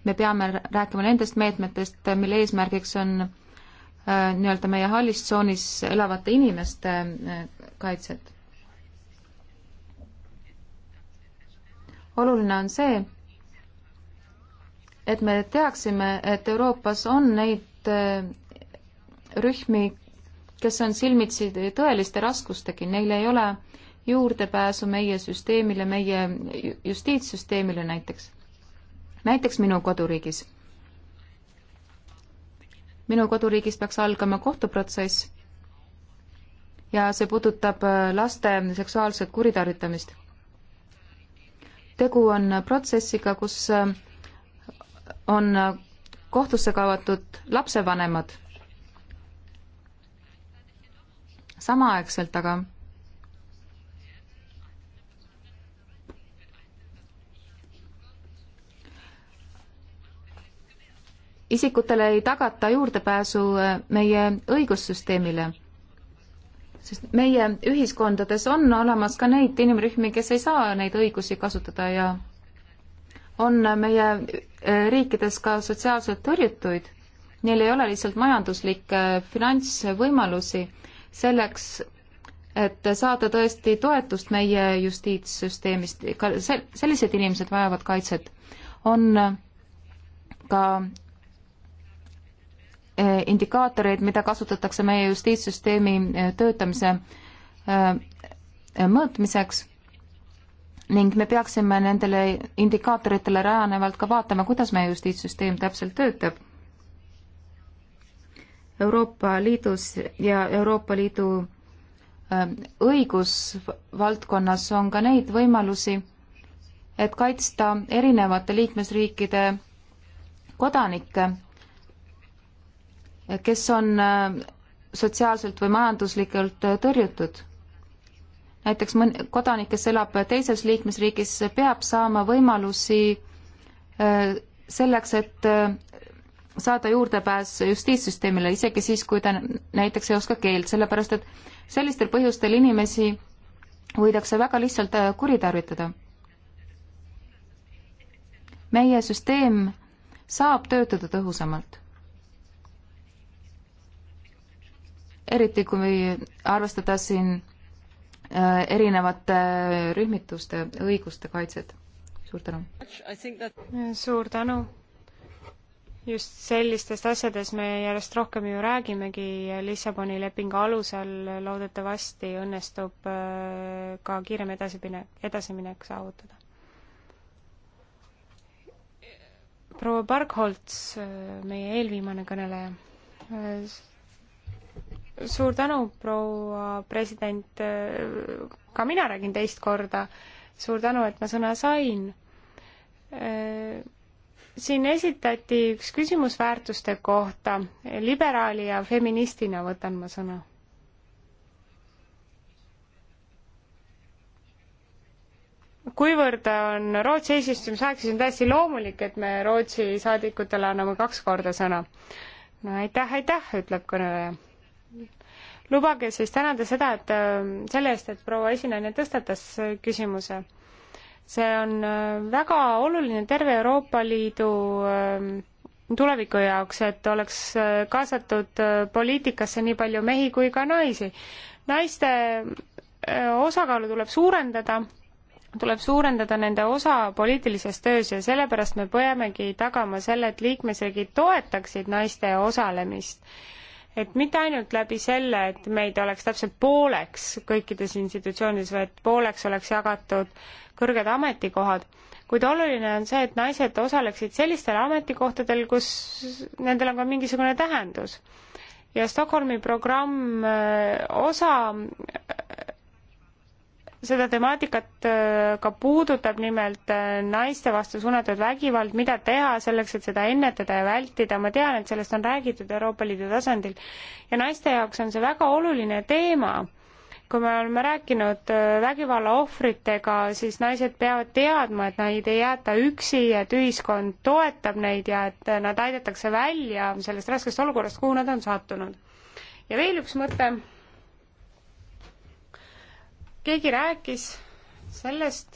me peame rääkima nendest meetmetest, mille eesmärgiks on äh, nii-öelda meie hallis tsoonis elavate inimeste äh, kaitset. oluline on see, et me teaksime, et Euroopas on neid eh, rühmi, kes on silmitsi tõeliste raskustegi, neil ei ole juurdepääsu meie süsteemile, meie justiitssüsteemile näiteks. näiteks minu koduriigis. minu koduriigis peaks algama kohtuprotsess ja see puudutab eh, laste seksuaalset kuritarvitamist. tegu on protsessiga, kus eh, on kohtusse kaevatud lapsevanemad. samaaegselt aga isikutele ei tagata juurdepääsu äh, meie õigussüsteemile. sest meie ühiskondades on olemas ka neid inimrühmi, kes ei saa neid õigusi kasutada ja on meie e, riikides ka sotsiaalselt tõrjutuid, neil ei ole lihtsalt majanduslikke e, finantsvõimalusi selleks, et saada tõesti toetust meie justiitssüsteemist, ka sel-, sellised inimesed vajavad kaitset. on ka e, indikaatoreid, mida kasutatakse meie justiitssüsteemi töötamise mõõtmiseks ning me peaksime nendele indikaatoritele rajanevalt ka vaatama, kuidas meie justiitssüsteem täpselt töötab. Euroopa Liidus ja Euroopa Liidu ähm, õigusvaldkonnas on ka neid võimalusi, et kaitsta erinevate liikmesriikide kodanikke, kes on ähm, sotsiaalselt või majanduslikult tõrjutud näiteks mõn-, kodanik, kes elab teises liikmesriigis, peab saama võimalusi äh, selleks, et äh, saada juurdepääs justiitssüsteemile, isegi siis, kui ta näiteks ei oska keelt, sellepärast et sellistel põhjustel inimesi võidakse väga lihtsalt äh, kuritarvitada. meie süsteem saab töötada tõhusamalt. eriti, kui arvestada siin Äh, erinevate rühmituste õiguste kaitset. suur tänu! suur tänu! just sellistest asjadest me järjest rohkem ju räägimegi Lissaboni lepingu alusel, loodetavasti õnnestub äh, ka kiirem edasiminek, edasiminek saavutada. proua Bargholz, äh, meie eelviimane kõneleja suur tänu, proua president, ka mina räägin teist korda. suur tänu, et ma sõna sain. siin esitati üks küsimus väärtuste kohta. liberaali ja feministina võtan ma sõna. kuivõrd on Rootsi eesistumisaeg, siis on täiesti loomulik, et me Rootsi saadikutele anname kaks korda sõna. no aitäh, aitäh, ütleb kõneleja lubage siis tänada seda, et äh, selle eest, et proua esinaine tõstatas äh, küsimuse. see on äh, väga oluline terve Euroopa Liidu tuleviku jaoks, et oleks kaasatud poliitikasse nii palju mehi kui ka naisi. naiste osakaalu tuleb suurendada, tuleb suurendada nende osa poliitilises töös ja sellepärast me peamegi tagama selle, et liikmesriigid toetaksid naiste osalemist et mitte ainult läbi selle, et meid oleks täpselt pooleks kõikides institutsioonides, vaid pooleks oleks jagatud kõrged ametikohad, kuid oluline on see, et naised osaleksid sellistel ametikohtadel, kus nendel on ka mingisugune tähendus. ja Stockholmi programm äh, osa seda temaatikat äh, ka puudutab, nimelt äh, naiste vastu suunatud vägivald, mida teha selleks, et seda ennetada ja vältida, ma tean, et sellest on räägitud Euroopa Liidu tasandil ja naiste jaoks on see väga oluline teema kui me oleme rääkinud äh, vägivalla ohvritega, siis naised peavad teadma, et neid ei jäeta üksi, et ühiskond toetab neid ja et nad aidatakse välja sellest raskest olukorrast, kuhu nad on sattunud. ja veel üks mõte keegi rääkis sellest,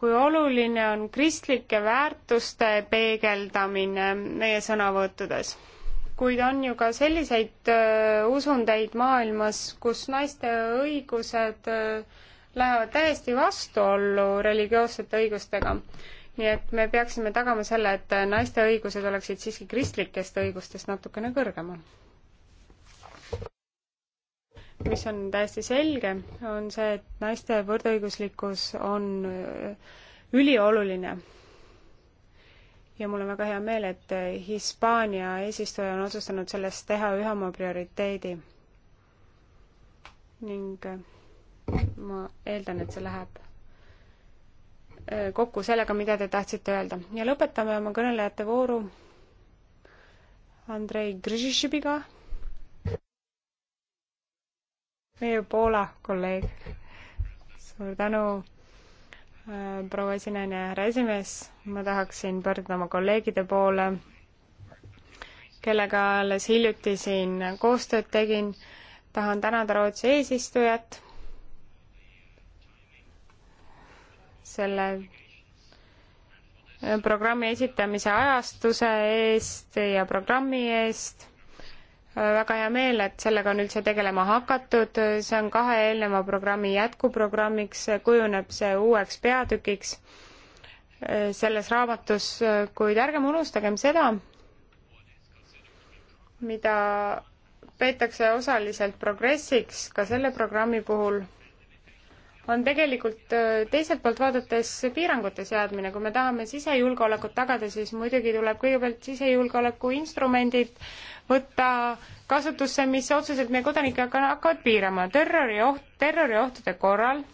kui oluline on kristlike väärtuste peegeldamine meie sõnavõttudes. kuid on ju ka selliseid öö, usundeid maailmas, kus naiste õigused öö, lähevad täiesti vastuollu religioossete õigustega. nii et me peaksime tagama selle, et naiste õigused oleksid siiski kristlikest õigustest natukene kõrgemal mis on täiesti selge, on see, et naiste võrdõiguslikkus on äh, ülioluline. ja mul on väga hea meel, et Hispaania eesistuja on otsustanud sellest teha ühe oma prioriteedi. ning äh, ma eeldan, et see läheb äh, kokku sellega, mida te tahtsite öelda. ja lõpetame oma kõnelejate vooru Andrei Grzyšibiga meie Poola kolleeg. suur tänu, äh, proua esinaine ja härra esimees, ma tahaksin pöörduda oma kolleegide poole, kellega alles hiljuti siin koostööd tegin. tahan tänada Rootsi eesistujat selle äh, programmi esitamise ajastuse eest ja programmi eest väga hea meel, et sellega on üldse tegelema hakatud, see on kahe eelneva programmi jätkuprogrammiks, kujuneb see uueks peatükiks äh, selles raamatus, kuid ärgem unustagem seda, mida peetakse osaliselt progressiks ka selle programmi puhul on tegelikult äh, teiselt poolt vaadates piirangute seadmine, kui me tahame sisejulgeolekut tagada, siis muidugi tuleb kõigepealt sisejulgeoleku instrumendid võtta kasutusse, mis otseselt meie kodanikke hakkavad piirama. terrorioht, terroriohtude korral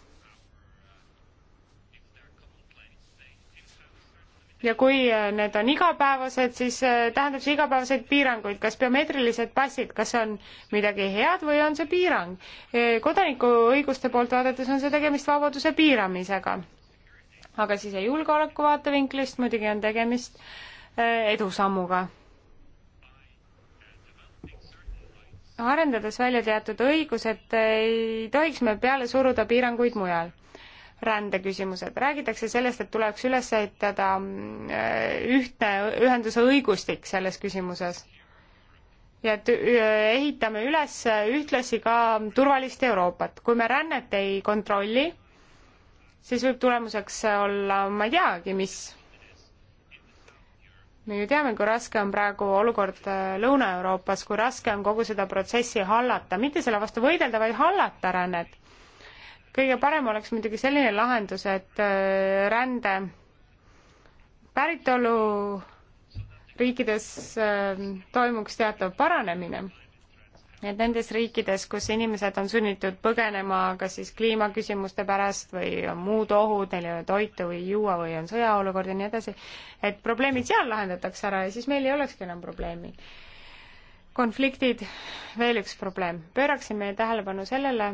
ja kui äh, need on igapäevased, siis äh, tähendab see igapäevaseid piiranguid, kas biomeetrilised passid, kas see on midagi head või on see piirang. Äh, kodanikuõiguste poolt vaadates on see tegemist vabaduse piiramisega. aga siis ja julgeoleku vaatevinklist muidugi on tegemist edusammuga. arendades välja teatud õigused, ei tohiks me peale suruda piiranguid mujal rändeküsimused. räägitakse sellest, et tuleks üles ehitada äh, ühtne ühenduse õigustik selles küsimuses. ja et äh, ehitame üles ühtlasi ka turvalist Euroopat. kui me rännet ei kontrolli, siis võib tulemuseks olla ma ei teagi, mis. me ju teame, kui raske on praegu olukord äh, Lõuna-Euroopas, kui raske on kogu seda protsessi hallata, mitte selle vastu võidelda, vaid hallata rännet kõige parem oleks muidugi selline lahendus, et äh, rände päritolu riikides äh, toimuks teatav paranemine. et nendes riikides, kus inimesed on sunnitud põgenema kas siis kliimaküsimuste pärast või on muud ohud, neil ei ole toitu või juua või on sõjaolukord ja nii edasi, et probleemid seal lahendatakse ära ja siis meil ei olekski enam probleemi. konfliktid, veel üks probleem, pööraksin meie tähelepanu sellele,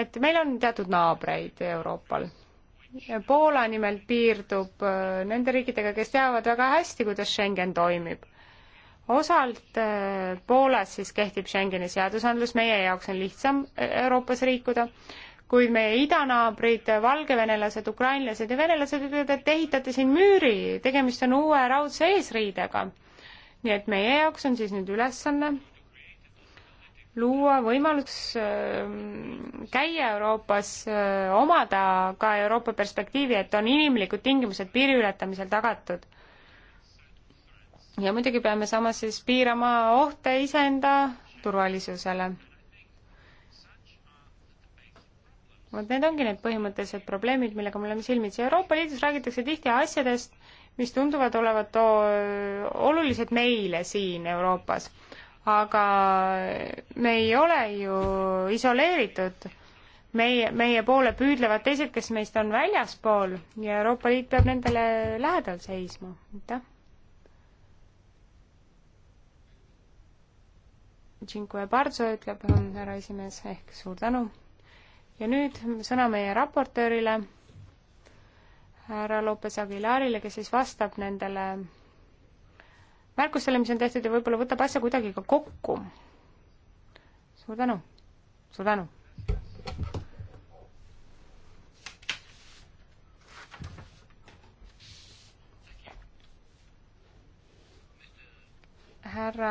et meil on teatud naabreid Euroopal. Poola nimelt piirdub äh, nende riikidega, kes teavad väga hästi, kuidas Schengen toimib. osalt äh, Poolas siis kehtib Schengeni seadusandlus, meie jaoks on lihtsam äh, Euroopas liikuda, kuid meie idanaabrid, valgevenelased, ukrainlased ja venelased ütlevad, et ehitate siin müüri, tegemist on uue raudse eesriidega. nii et meie jaoks on siis nüüd ülesanne luua võimalus ähm, käia Euroopas, äh, omada ka Euroopa perspektiivi, et on inimlikud tingimused piiri ületamisel tagatud. ja muidugi peame samas siis piirama ohte iseenda turvalisusele. vot need ongi need põhimõttelised probleemid, millega me oleme silmitsi. Euroopa Liidus räägitakse tihti asjadest, mis tunduvad olevat äh, olulised meile siin Euroopas aga me ei ole ju isoleeritud. meie, meie poole püüdlevad teised, kes meist on väljaspool ja Euroopa Liit peab nendele lähedal seisma, aitäh. Cinque Barzo ütleb härra esimees ehk suur tänu. ja nüüd sõna meie raportöörile, härra Lopez Aguilarile, kes siis vastab nendele märkustele, mis on tehtud ja võib-olla võtab asja kuidagi ka kokku. suur tänu, suur tänu. härra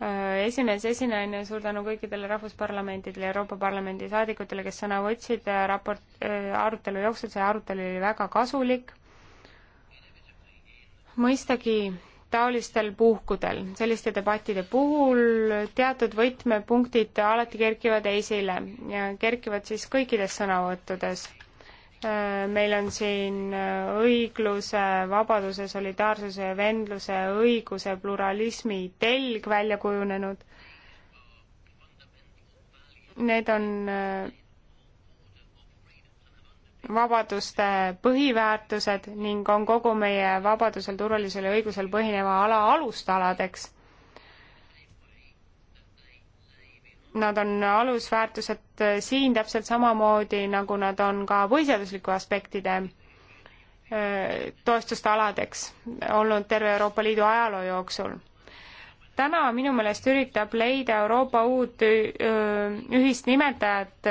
äh, esimees, esinaine, suur tänu kõikidele rahvusparlamentidele, Euroopa Parlamendi saadikutele, kes sõna võtsid äh, raport äh,, arutelu jooksul, see arutelu oli väga kasulik mõistagi taolistel puhkudel, selliste debattide puhul teatud võtmepunktid alati kerkivad esile ja kerkivad siis kõikides sõnavõttudes. meil on siin õigluse, vabaduse, solidaarsuse, vendluse, õiguse, pluralismi telg välja kujunenud. Need on vabaduste põhiväärtused ning on kogu meie vabadusel, turvalisel ja õigusel põhineva ala alustaladeks. Nad on alusväärtused äh, siin täpselt samamoodi, nagu nad on ka põhiseaduslike aspektide äh, toestuste aladeks olnud terve Euroopa Liidu ajaloo jooksul täna minu meelest üritab leida Euroopa uut ühist nimetajat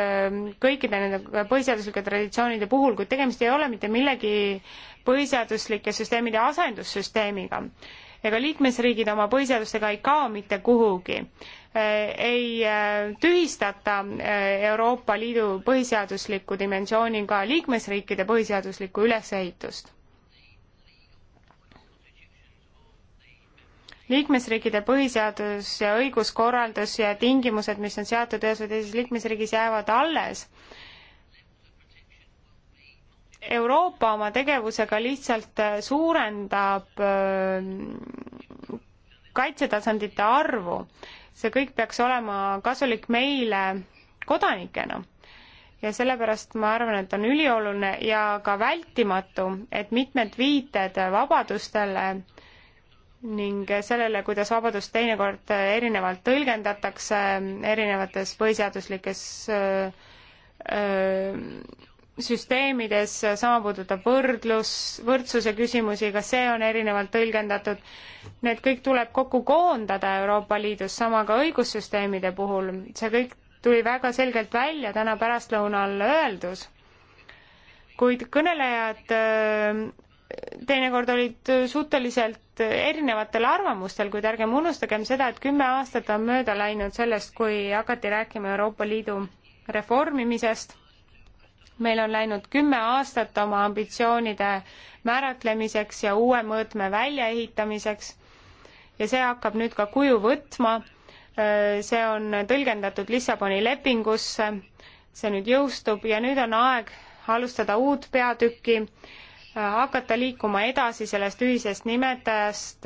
kõikide nende põhiseaduslike traditsioonide puhul, kuid tegemist ei ole mitte millegi põhiseaduslike süsteemide asendussüsteemiga. ega liikmesriigid oma põhiseadustega ei kao mitte kuhugi. ei tühistata Euroopa Liidu põhiseadusliku dimensiooniga liikmesriikide põhiseaduslikku ülesehitust liikmesriikide põhiseadus ja õiguskorraldus ja tingimused, mis on seatud ühes või teises liikmesriigis, jäävad alles. Euroopa oma tegevusega lihtsalt suurendab kaitsetasandite arvu. see kõik peaks olema kasulik meile kodanikena ja sellepärast ma arvan, et on ülioluline ja ka vältimatu, et mitmed viited vabadustele ning sellele, kuidas vabadust teinekord erinevalt tõlgendatakse erinevates põhiseaduslikes süsteemides, sama puudutab võrdlus, võrdsuse küsimusi, ka see on erinevalt tõlgendatud. Need kõik tuleb kokku koondada Euroopa Liidus, sama ka õigussüsteemide puhul. see kõik tuli väga selgelt välja täna pärastlõunal öeldus. kuid kõnelejad teinekord olid suhteliselt erinevatel arvamustel, kuid ärgem unustagem seda, et kümme aastat on mööda läinud sellest, kui hakati rääkima Euroopa Liidu reformimisest. meil on läinud kümme aastat oma ambitsioonide määratlemiseks ja uue mõõtme väljaehitamiseks ja see hakkab nüüd ka kuju võtma. see on tõlgendatud Lissaboni lepingusse, see nüüd jõustub ja nüüd on aeg alustada uut peatükki hakata liikuma edasi sellest ühisest nimetajast,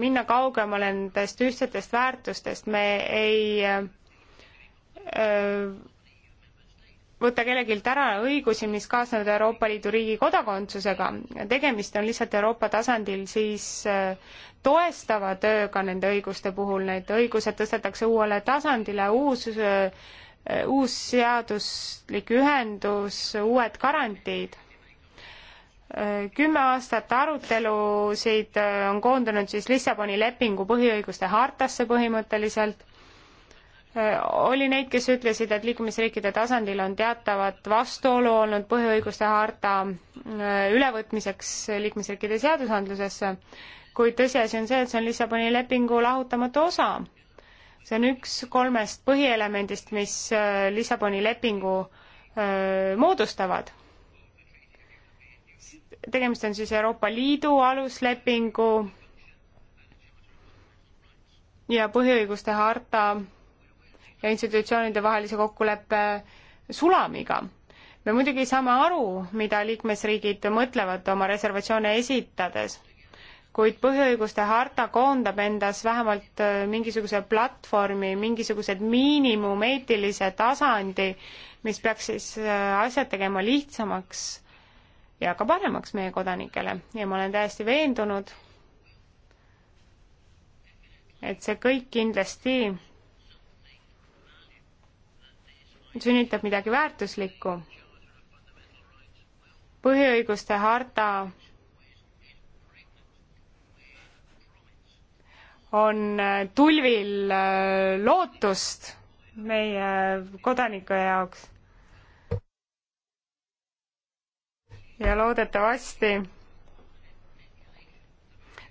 minna kaugemale nendest ühtsetest väärtustest, me ei äh, võtta kellelgi ära õigusi, mis kaasnevad Euroopa Liidu riigi kodakondsusega. tegemist on lihtsalt Euroopa tasandil siis äh, toestava tööga nende õiguste puhul, need õigused tõstetakse uuele tasandile, uus äh, uus seaduslik ühendus, uued garantiid kümme aastat arutelusid äh, on koondunud siis Lissaboni lepingu põhiõiguste hartasse põhimõtteliselt. Äh, oli neid, kes ütlesid, et liikumisriikide tasandil on teatavat vastuolu olnud põhiõiguste harta äh, ülevõtmiseks liikmesriikide seadusandlusesse, kuid tõsiasi on see, et see on Lissaboni lepingu lahutamatu osa. see on üks kolmest põhielemendist, mis Lissaboni lepingu öö, moodustavad tegemist on siis Euroopa Liidu aluslepingu ja põhiõiguste harta ja institutsioonide vahelise kokkuleppe sulamiga. me muidugi saame aru, mida liikmesriigid mõtlevad oma reservatsioone esitades, kuid põhiõiguste harta koondab endas vähemalt äh, mingisuguse platvormi, mingisugused miinimumeetilise tasandi, mis peaks siis äh, asjad tegema lihtsamaks ja ka paremaks meie kodanikele ja ma olen täiesti veendunud, et see kõik kindlasti sünnitab midagi väärtuslikku. põhiõiguste harta on tulvil äh, lootust meie kodanike jaoks ja loodetavasti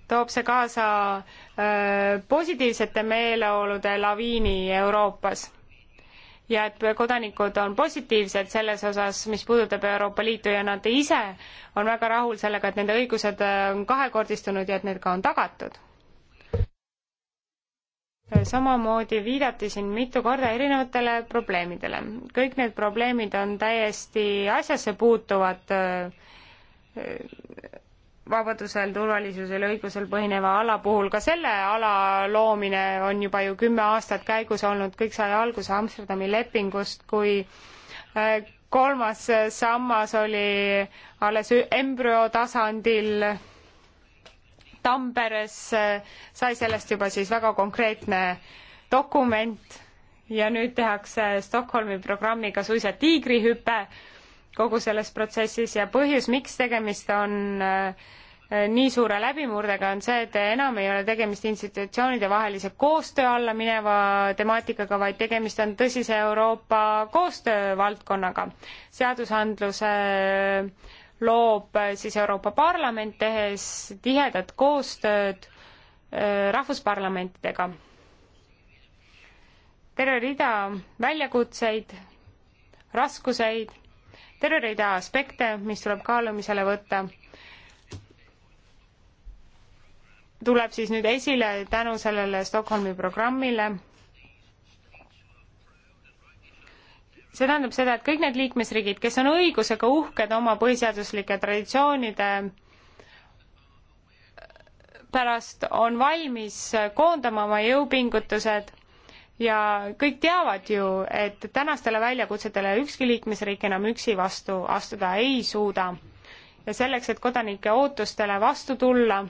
toob see kaasa äh, positiivsete meeleolude laviini Euroopas. ja et kodanikud on positiivsed selles osas, mis puudutab Euroopa Liitu ja nad ise on väga rahul sellega, et nende õigused äh, on kahekordistunud ja et need ka on tagatud samamoodi viidati siin mitu korda erinevatele probleemidele. kõik need probleemid on täiesti asjasse puutuvad äh, vabadusel, turvalisusel ja õigusel põhineva ala puhul, ka selle ala loomine on juba ju kümme aastat käigus olnud, kõik sai alguse Amsterdami lepingust, kui äh, kolmas sammas oli alles embrüo tasandil Tamperes sai sellest juba siis väga konkreetne dokument ja nüüd tehakse Stockholmi programmiga suisa tiigrihüpe kogu selles protsessis ja põhjus, miks tegemist on äh, nii suure läbimurdega, on see, et enam ei ole tegemist institutsioonide vahelise koostöö alla mineva temaatikaga, vaid tegemist on tõsise Euroopa koostöövaldkonnaga. seadusandluse äh, loob äh, siis Euroopa Parlament, tehes tihedat koostööd äh, rahvusparlamentidega. terve rida väljakutseid, raskuseid, terve rida aspekte, mis tuleb kaalumisele võtta, tuleb siis nüüd esile tänu sellele Stockholmi programmile see tähendab seda, et kõik need liikmesriigid, kes on õigusega uhked oma põhiseaduslike traditsioonide pärast, on valmis koondama oma jõupingutused ja kõik teavad ju, et tänastele väljakutsetele ükski liikmesriik enam üksi vastu astuda ei suuda. ja selleks, et kodanike ootustele vastu tulla